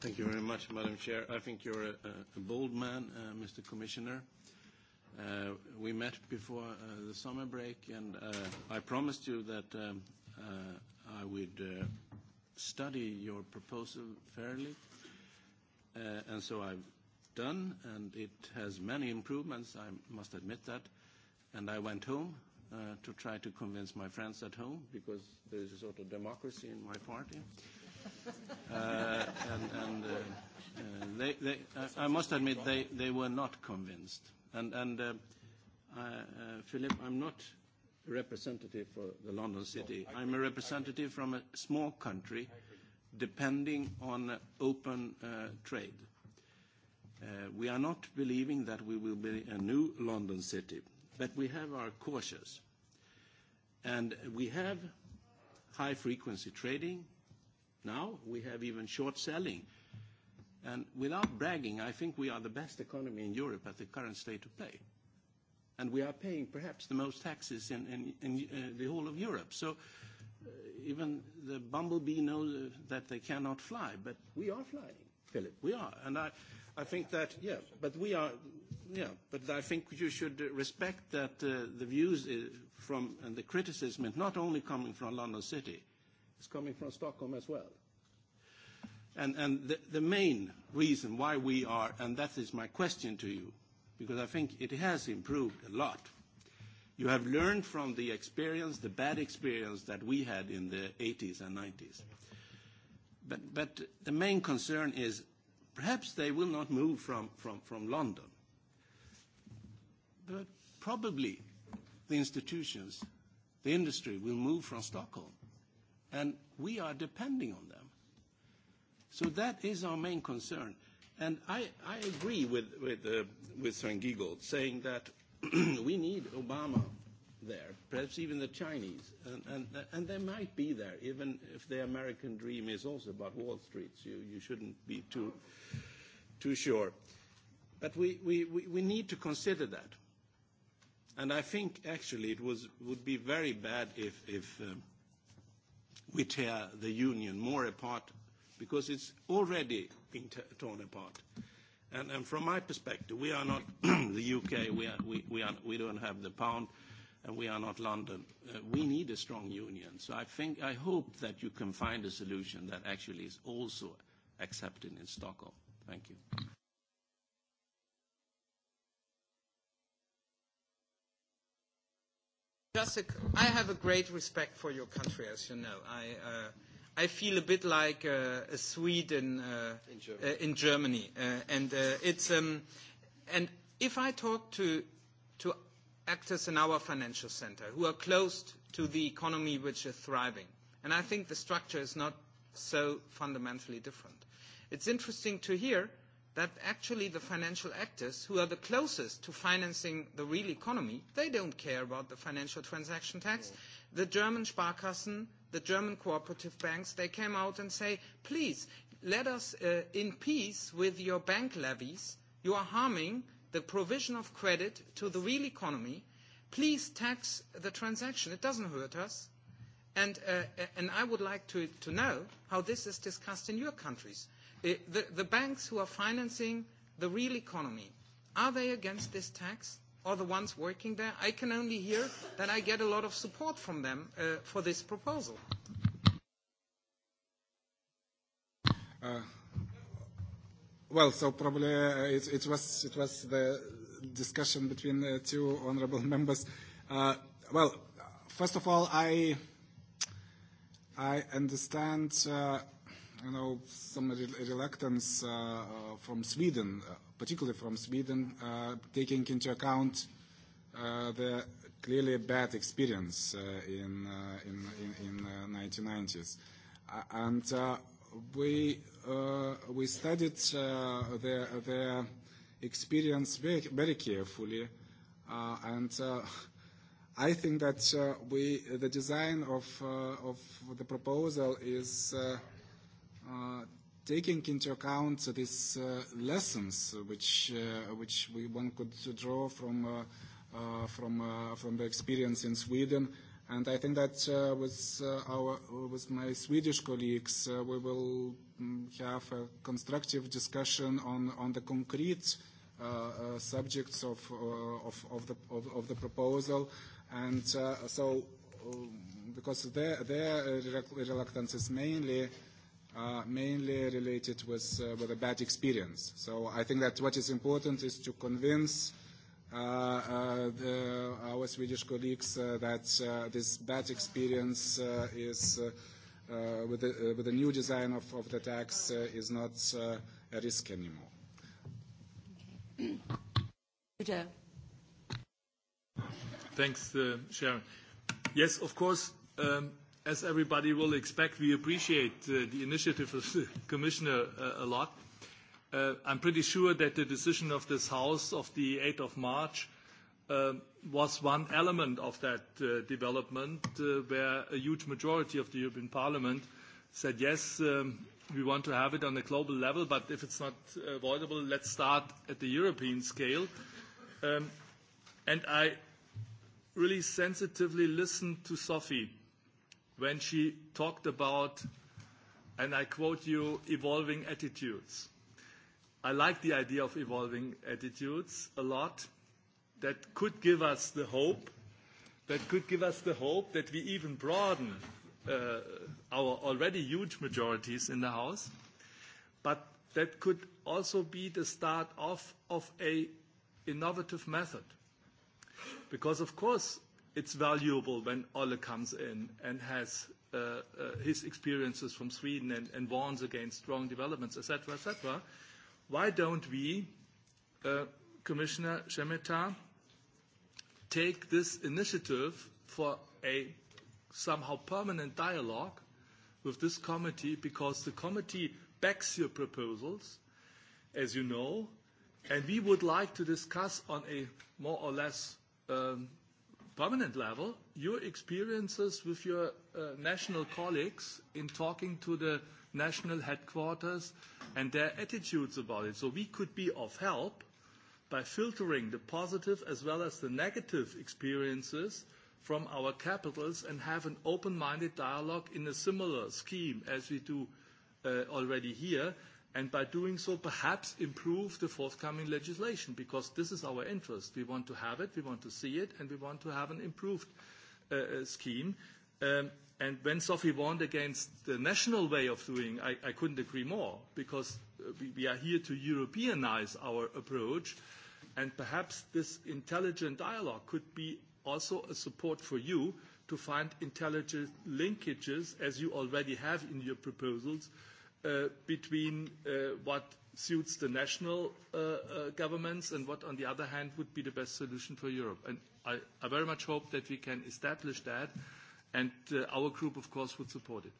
Thank you very much, Madam Chair. I think you're a, a bold man, uh, Mr. Commissioner. Uh, Uh, we met before uh, the summer break, and uh, I promised you that uh, I would uh, study your proposal fairly, uh, and so I've done, and it has many improvements, I must admit that. And I went home uh, to try to convince my friends at home because there is a sort of democracy in my party. Uh, and and uh, uh, they, they, I, I must admit, they, they were not convinced. And, and uh, uh, uh, Philip, I'm not a representative for the London city. I'm a representative from a small country depending on open uh, trade. Uh, we are not believing that we will be a new London city, but we have our cautious. And we have high frequency trading. Now we have even short selling And without bragging, I think we are the best economy in Europe at the current state of play. And we are paying perhaps the most taxes in, in, in uh, the whole of Europe. So even the bumblebee knows that they cannot fly, but we are flying, Philip. We are. And I, I think that, yeah, but we are, yeah, but I think you should respect that uh, the views from, and the criticism, is not only coming from London City, it's coming from Stockholm as well And The main reason why we are, and that is my question to you, because I think it has improved a lot. You have learned from the experience, the bad experience that we had in the 80s and 90s. But The main concern is perhaps they will not move from from from London. But Probably the institutions, the industry will move from Stockholm, and we are depending on them So that is our main concern. And I, I agree with, with, uh, with Sven Giegold saying that we need Obama there, perhaps even the Chinese. And, and, and they might be there, even if the American dream is also about Wall Street. So you, you shouldn't be too, too sure. But we, we, we, we need to consider that. And I think actually it was, would be very bad if, if um, we tear the union more apart because it's already been t- torn apart. And, and from my perspective, we are not the UK, we, are, we, we, are, we don't have the pound, and we are not London. Uh, we need a strong union. So I think, I hope that you can find a solution that actually is also accepted in Stockholm. Thank you. Jessica, I have a great respect for your country, as you know. I, uh, I feel a bit like uh, a Swede in, uh, in Germany. Uh, in Germany. Uh, and uh, it's um, and if I talk to to actors in our financial center who are close to the economy which is thriving, and I think the structure is not so fundamentally different. It's interesting to hear that actually the financial actors who are the closest to financing the real economy, they don't care about the financial transaction tax. The German Sparkassen the German cooperative banks, they came out and say, please, let us in peace with your bank levies. You are harming the provision of credit to the real economy. Please tax the transaction. It doesn't hurt us. And, I would like to, know how this is discussed in your countries. the banks who are financing the real economy, are they against this tax? are the ones working there. I can only hear that I get a lot of support from them uh, for this proposal. Uh, well, so probably uh, it, it, was, it was the discussion between uh, two honorable members. Uh, well, first of all, I, I understand. Uh, you know, some re reluctance uh, uh, from Sweden, uh, particularly from Sweden, uh, taking into account uh, the clearly bad experience uh, in, uh, in, in, in uh, 1990s. Uh, and uh, we, uh, we studied uh, their, their experience very, very carefully, uh, and uh, I think that uh, we, the design of, uh, of the proposal is uh, taking into account these uh, lessons which uh, which we, one could draw from uh, uh, from uh, from the experience in Sweden, and I think that uh, with uh, our with my Swedish colleagues uh, we will have a constructive discussion on on the concrete uh, uh, subjects of, uh, of of the of, of the proposal, and uh, so. Because their, their reluctance is mainly uh, uh, mainly related with, uh, with a bad experience. So I think that what is important is to convince uh, uh, the, our Swedish colleagues uh, that uh, this bad experience uh, is, uh, uh, with, the, uh, with the new design of, of the tax, uh, is not uh, a risk anymore. Okay. Thanks, uh, Sharon. Yes, of course. Um, as everybody will expect, we appreciate the initiative of the Commissioner a lot. I'm pretty sure that the decision of this House of the 8th of March was one element of that development, where a huge majority of the European Parliament said, "Yes, we want to have it on a global level, but if it's not avoidable, let's start at the European scale." And I really sensitively listened to Sophie when she talked about, and I quote you, evolving attitudes. I like the idea of evolving attitudes a lot. That could give us the hope. That could give us the hope that we even broaden uh, our already huge majorities in the House. But that could also be the start off of an innovative method. Because of course it's valuable when Ole comes in and has uh, uh, his experiences from Sweden and, and warns against strong developments, etc., etc. Why don't we, uh, Commissioner Shemeta, take this initiative for a somehow permanent dialogue with this committee because the committee backs your proposals, as you know, and we would like to discuss on a more or less um, permanent level, your experiences with your uh, national colleagues in talking to the national headquarters and their attitudes about it. So we could be of help by filtering the positive as well as the negative experiences from our capitals and have an open-minded dialogue in a similar scheme as we do uh, already here and by doing so, perhaps improve the forthcoming legislation, because this is our interest. We want to have it, we want to see it, and we want to have an improved scheme. And when Sophie warned against the national way of doing, I, I couldn't agree more because we, we are here to Europeanize our approach. And perhaps this intelligent dialogue could be also a support for you to find intelligent linkages, as you already have in your proposals, between what suits the national governments and what, on the other hand, would be the best solution for Europe. And I, I very much hope that we can establish that, and our group, of course, would support it.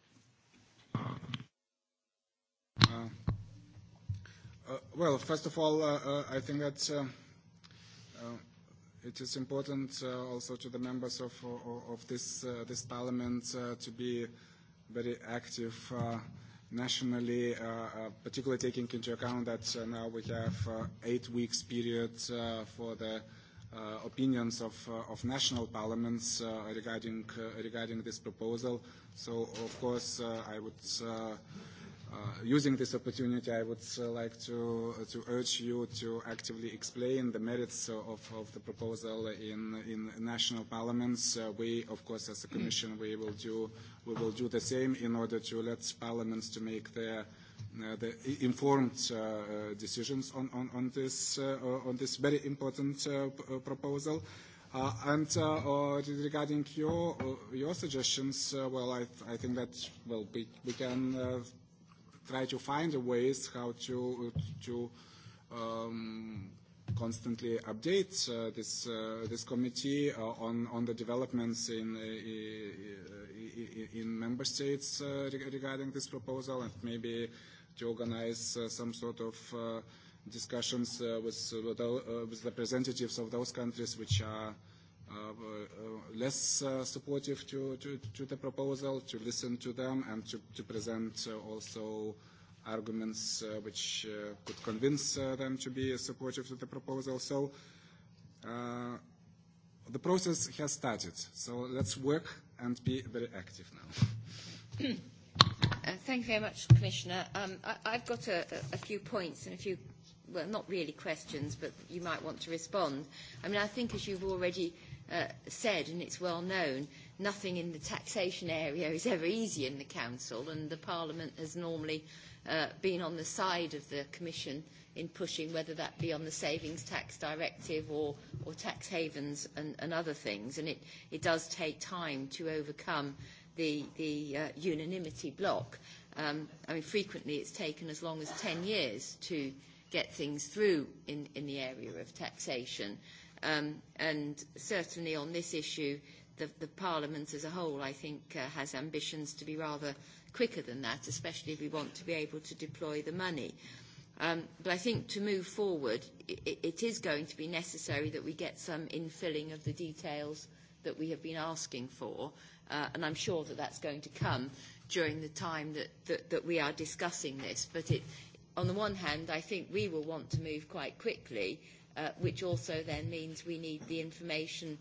well, first of all, I think that it is important also to the members of, of this, this parliament to be very active nationally, uh, uh, particularly taking into account that uh, now we have uh, eight weeks period uh, for the uh, opinions of, uh, of national parliaments uh, regarding, uh, regarding this proposal. So, of course, uh, I would uh, using this opportunity, I would like to, to urge you to actively explain the merits of, of the proposal in, in national parliaments. Uh, we, of course, as a commission, we will do, we will do the same in order to let parliaments to make their uh, the informed uh, decisions on, on, on, this, uh, on this very important uh, proposal. Uh, and uh, uh, regarding your, your suggestions, uh, well, I, I think that well, we, we can uh, try to find the ways how to to um, constantly update uh, this uh, this committee uh, on on the developments in uh, in member states uh, regarding this proposal and maybe to organize uh, some sort of uh, discussions uh, with with, uh, with representatives of those countries which are less uh supportive to, to, to the proposal, to listen to them and to, to present uh also arguments uh, which uh, could convince uh, them to be supportive to the proposal. So uh, the process has started. So let's work and be very active now. Uh, thank you very much, Commissioner. Um, I, I've got a, a few points and a few, well, not really questions, but you might want to respond. I mean, I think as you've already uh, said, and it's well known, nothing in the taxation area is ever easy in the Council, and the Parliament has normally uh, been on the side of the Commission in pushing, whether that be on the Savings Tax Directive or, or tax havens and, and other things. And it, it does take time to overcome the, the uh, unanimity block. Um, I mean, frequently it's taken as long as 10 years to get things through in, in the area of taxation. Um, and certainly on this issue, the, the Parliament as a whole, I think, uh, has ambitions to be rather quicker than that, especially if we want to be able to deploy the money. Um, but I think to move forward, it, it is going to be necessary that we get some infilling of the details that we have been asking for, uh, and I'm sure that that's going to come during the time that, that, that we are discussing this. But it, on the one hand, I think we will want to move quite quickly, which also then means we need the information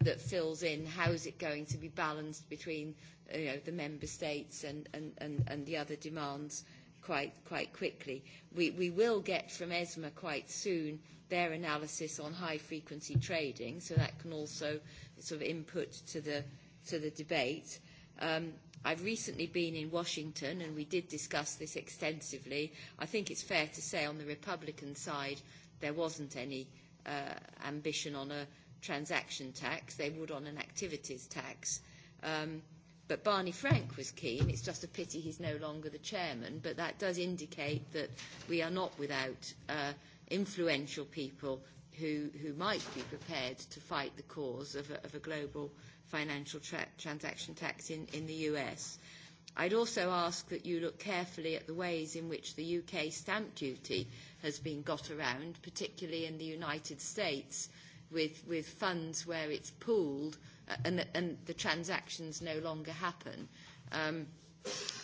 that fills in how is it going to be balanced between you know, the member states and, and, and, and the other demands quite, quite quickly. We, we will get from ESMA quite soon their analysis on high frequency trading, so that can also sort of input to the, to the debate. Um, I've recently been in Washington and we did discuss this extensively. I think it's fair to say on the Republican side there wasn't any uh, ambition on a transaction tax. They would on an activities tax. Um, but Barney Frank was keen. It's just a pity he's no longer the chairman, but that does indicate that we are not without uh, influential people who, who might be prepared to fight the cause of a, of a global financial tra- transaction tax in, in the US. I'd also ask that you look carefully at the ways in which the UK stamp duty has been got around, particularly in the United States, with, with funds where it's pooled and, and the transactions no longer happen. Um,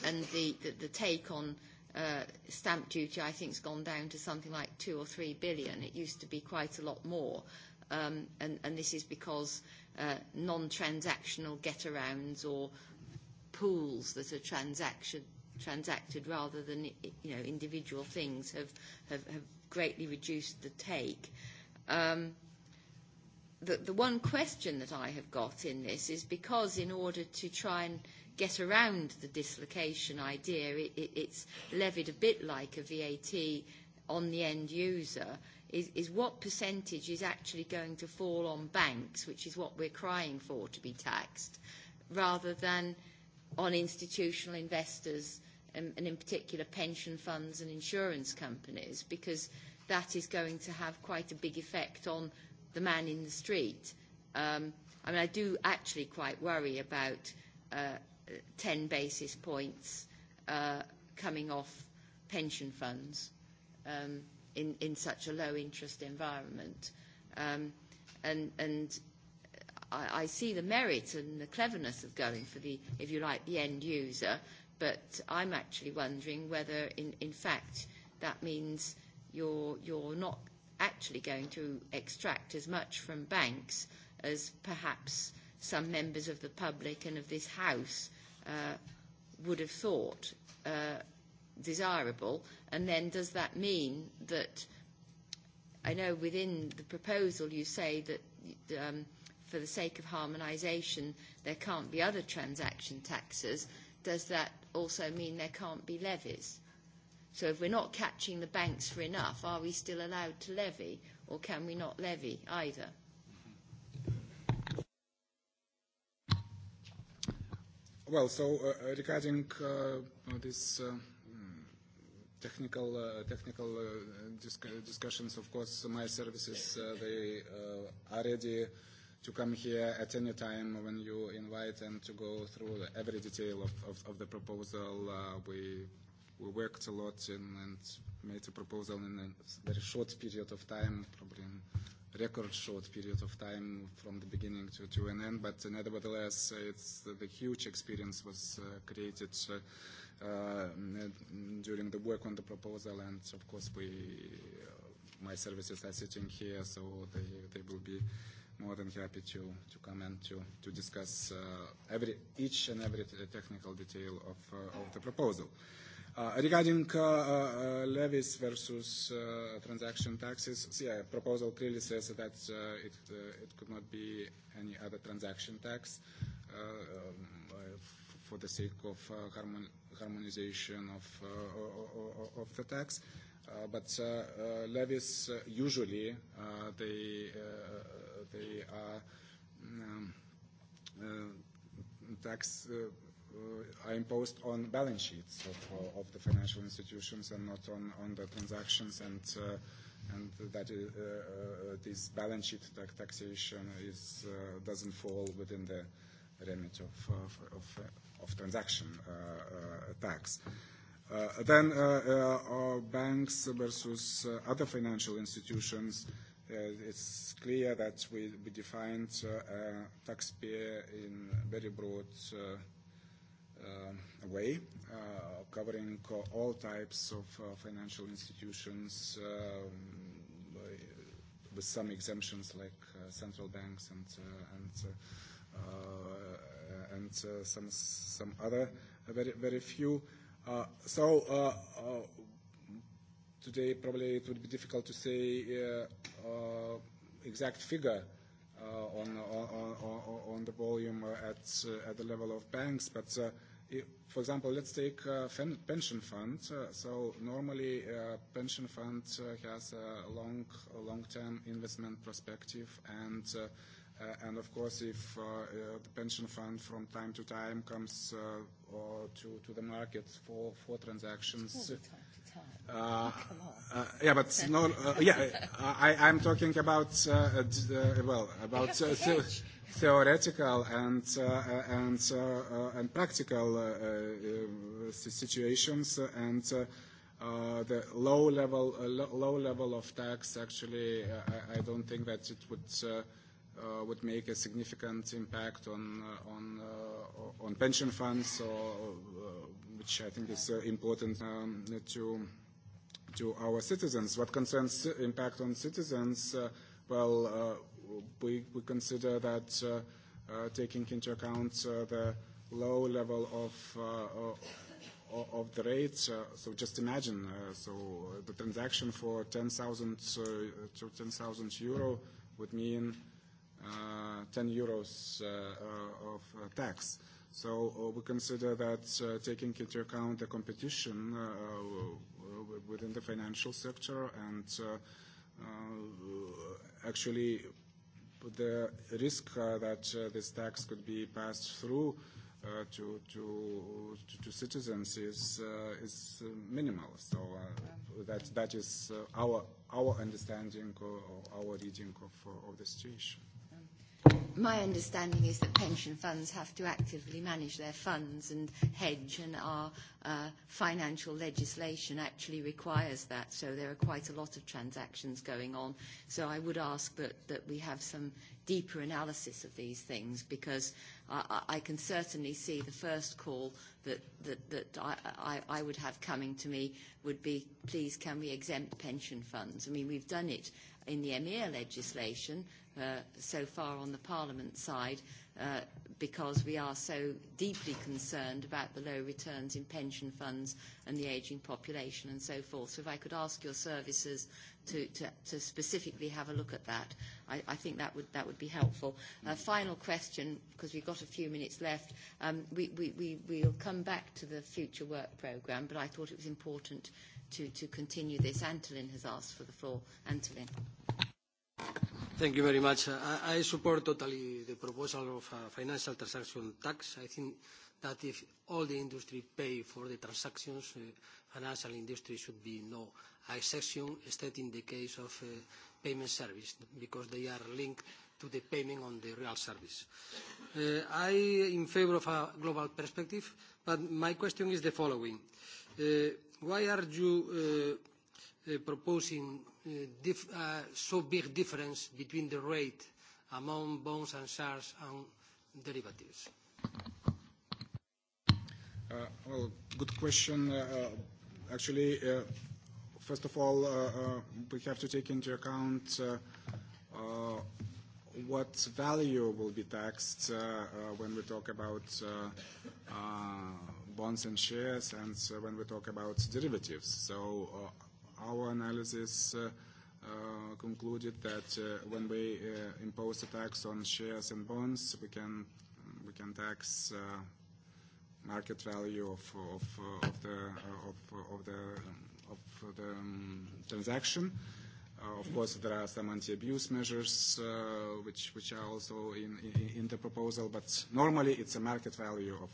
and the, the, the take on uh, stamp duty, I think, has gone down to something like two or three billion. It used to be quite a lot more. Um, and, and this is because uh, non-transactional get-arounds or pools that are transaction transacted rather than you know individual things have have, have greatly reduced the take. Um, the, the one question that I have got in this is because in order to try and get around the dislocation idea, it, it, it's levied a bit like a VAT on the end user, is, is what percentage is actually going to fall on banks, which is what we're crying for to be taxed, rather than on institutional investors and, and in particular pension funds and insurance companies, because that is going to have quite a big effect on the man in the street. Um, I mean, I do actually quite worry about uh, 10 basis points uh, coming off pension funds um, in, in such a low interest environment. Um, and and I, I see the merit and the cleverness of going for the, if you like, the end user, but I'm actually wondering whether, in, in fact, that means you're, you're not actually going to extract as much from banks as perhaps some members of the public and of this House uh, would have thought uh, desirable. And then does that mean that, I know within the proposal you say that um, for the sake of harmonisation there can't be other transaction taxes, does that also mean there can't be levies? So if we're not catching the banks for enough, are we still allowed to levy, or can we not levy either? Well, so uh, regarding uh, this uh, technical uh, technical uh, disc discussions, of course, my services uh, they uh, are ready to come here at any time when you invite and to go through every detail of, of, of the proposal. Uh, we, we worked a lot in, and made a proposal in a very short period of time, probably in record short period of time from the beginning to, to an end. But nevertheless, it's, the huge experience was uh, created uh, uh, during the work on the proposal, and of course we, uh, my services are sitting here, so they, they will be more than happy to, to come and to, to discuss uh, every, each and every technical detail of, uh, of the proposal. Uh, regarding uh, uh, levies versus uh, transaction taxes, so yeah, proposal clearly says that uh, it, uh, it could not be any other transaction tax uh, um, for the sake of uh, harmon harmonization of, uh, of the tax. Uh, but uh, uh, levies uh, usually uh, they uh, they are um, uh, tax uh, are imposed on balance sheets of, of the financial institutions and not on, on the transactions and uh, and that uh, uh, this balance sheet taxation is uh, doesn't fall within the remit of of, of, of transaction uh, uh, tax. Uh, Then banks versus other financial institutions, it's clear that we we defined taxpayer in very broad way, covering all types of financial institutions, with some exemptions like central banks and and and some some other very very few Uh, so uh, uh, today probably it would be difficult to say uh, uh, exact figure uh, on, on, on, on the volume at, uh, at the level of banks, but uh, if, for example, let's take uh, pension fund. Uh, so normally, uh, pension fund uh, has a long, term long-term investment perspective and uh, And of course, if uh uh the pension fund from time to time comes uh to to the market for for transactions. Uh, uh, yeah, but no, uh, yeah, I, I'm talking about, uh, uh, well, about uh, the theoretical and, uh, and, uh, and practical uh, uh, situations and uh, uh, the low level, uh, low level of tax actually, uh, I, I don't think that it would uh, uh, would make a significant impact on uh, on uh, on pension funds, or, uh, which I think is uh, important um, to to our citizens. What concerns impact on citizens, uh, well, uh, we we consider that uh, uh, taking into account uh, the low level of uh, of the rates. So just imagine, uh so the transaction for 10,000 to 10,000 euro would mean uh, 10 euros uh, of uh, tax. So uh, we consider that uh, taking into account the competition uh, within the financial sector and uh, uh, actually the risk uh, that uh, this tax could be passed through uh, to, to, to, to citizens is, uh, is minimal. So uh, that, that is uh, our, our understanding or, or our reading of, of the situation. My understanding is that pension funds have to actively manage their funds and hedge, and our uh, financial legislation actually requires that. So there are quite a lot of transactions going on. So I would ask that, that we have some deeper analysis of these things because I, I can certainly see the first call that, that, that I, I, I would have coming to me would be, please, can we exempt pension funds? I mean, we've done it in the EMEA legislation so far on the Parliament side because we are so deeply concerned about the low returns in pension funds and the ageing population and so forth. So if I could ask your services to, to, to specifically have a look at that, I, I think that would, that would be helpful. Uh, final question, because we've got a few minutes left. Um, we, we, we, we'll come back to the future work programme, but I thought it was important to, to continue this. Antolin has asked for the floor. Antolin. Thank you very much. I support totally the proposal of a financial transaction tax. I think that if all the industry pay for the transactions, financial industry should be no exception, except in the case of payment service, because they are linked to the payment on the real service. I in favor of a global perspective, but my question is the following. Why are you proposing so big difference between the rate among bonds and shares and derivatives? Well, good question. Actually, first of all, we have to take into account what value will be taxed when we talk about bonds and shares and when we talk about derivatives. So our analysis uh, uh, concluded that uh, when we uh, impose a tax on shares and bonds, we can we can tax uh, market value of of uh, of the uh, of of the um, of the um, transaction. Uh, of course, there are some anti-abuse measures uh, which which are also in, in in the proposal, but normally it's a market value of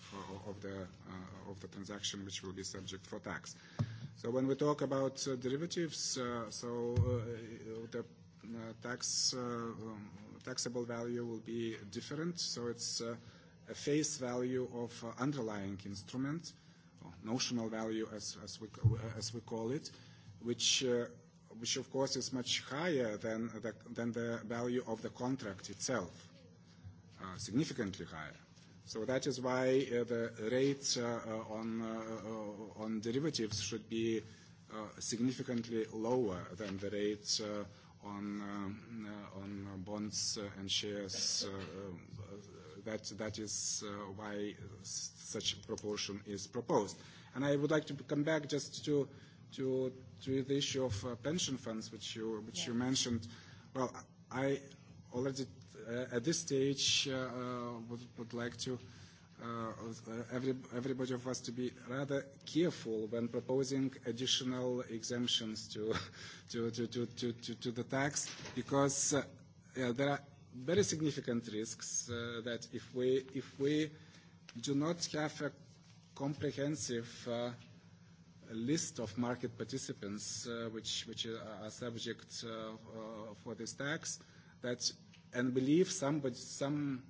of the uh, of the transaction which will be subject for tax. Uh, So when we talk about uh, derivatives, uh, so uh, the uh, tax uh, um, taxable value will be different. So it's uh, a face value of uh, underlying instrument, or notional value as, as, we, as we call it, which, uh, which of course is much higher than the, than the value of the contract itself, uh, significantly higher. So that is why uh, the rates uh, on, uh, on derivatives should be uh, significantly lower than the rates uh, on, uh, on bonds and shares. Uh, that, that is uh, why such proportion is proposed. And I would like to come back just to, to, to the issue of uh, pension funds, which you, which you mentioned. Well, I already at this stage, uh, would, would like to uh, every, everybody of us to be rather careful when proposing additional exemptions to, to, to, to, to, to, to the tax because uh, yeah, there are very significant risks uh, that if we, if we do not have a comprehensive uh, list of market participants uh, which, which are subject uh, uh, for this tax, that and believe some, but some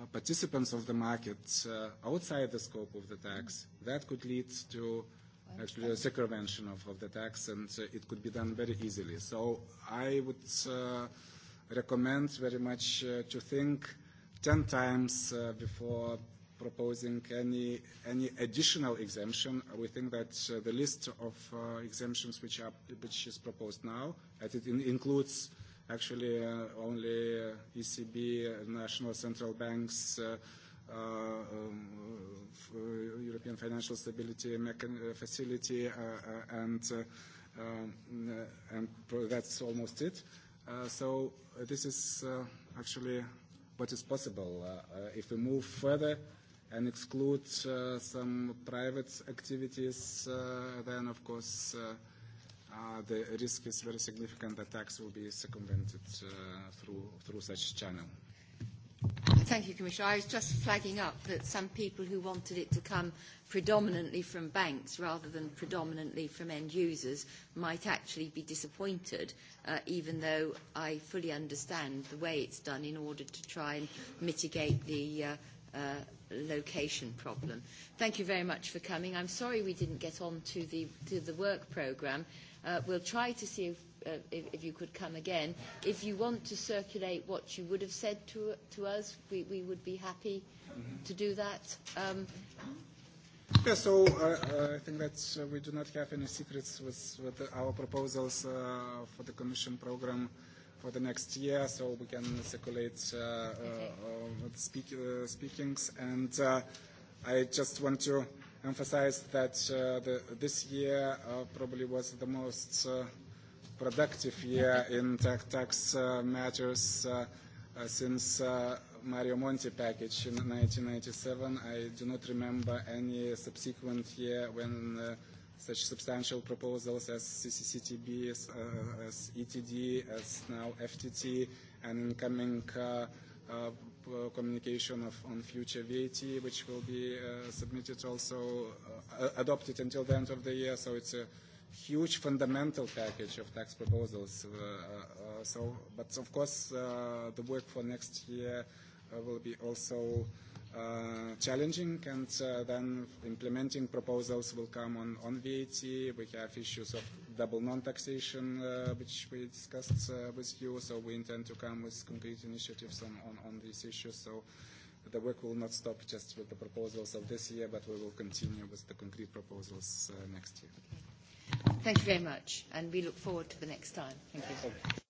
uh participants of the market uh, outside the scope of the tax, that could lead to actually a circumvention of, of the tax and uh, it could be done very easily. So I would uh, recommend very much uh, to think 10 times uh, before proposing any, any additional exemption. We think that uh, the list of uh, exemptions which, are, which is proposed now, that it in includes Actually, uh, only uh, ECB, national central banks, uh, uh, um, European Financial Stability Mechan Facility, uh, uh, and, uh, uh, and that's almost it. Uh, so this is uh, actually what is possible uh, uh, if we move further and exclude uh, some private activities, uh, then of course uh, the risk is very significant that tax will be circumvented uh, through, through such channel. Thank you, Commissioner. I was just flagging up that some people who wanted it to come predominantly from banks rather than predominantly from end users might actually be disappointed, uh, even though I fully understand the way it's done in order to try and mitigate the uh, uh, location problem. Thank you very much for coming. I'm sorry we didn't get on to the, to the work programme Uh, we'll try to see if, uh, if, if you could come again. If you want to circulate what you would have said to, to us, we, we would be happy to do that. Um, yeah, so uh, I think that uh, we do not have any secrets with, with our proposals uh, for the Commission program for the next year, so we can circulate uh, uh, speak, uh, speakings. And uh, I just want to emphasize that uh, the, this year uh, probably was the most uh, productive year in tax uh, matters uh, uh, since uh, Mario Monti package in 1997. I do not remember any subsequent year when uh, such substantial proposals as CCCTB, as, uh, as ETD, as now FTT, and incoming uh, uh, uh, communication of, on future VAT, which will be uh, submitted also, uh, adopted until the end of the year. So it's a huge fundamental package of tax proposals. Uh, uh, so, but of course, uh, the work for next year uh, will be also uh, uh, challenging, and uh, then implementing proposals will come on, on VAT. We have issues of double non-taxation, uh, which we discussed uh, with you, so we intend to come with concrete initiatives on, on, on these issues. So the work will not stop just with the proposals of this year, but we will continue with the concrete proposals uh, next year. Thank you very much, and we look forward to the next time. Thank you.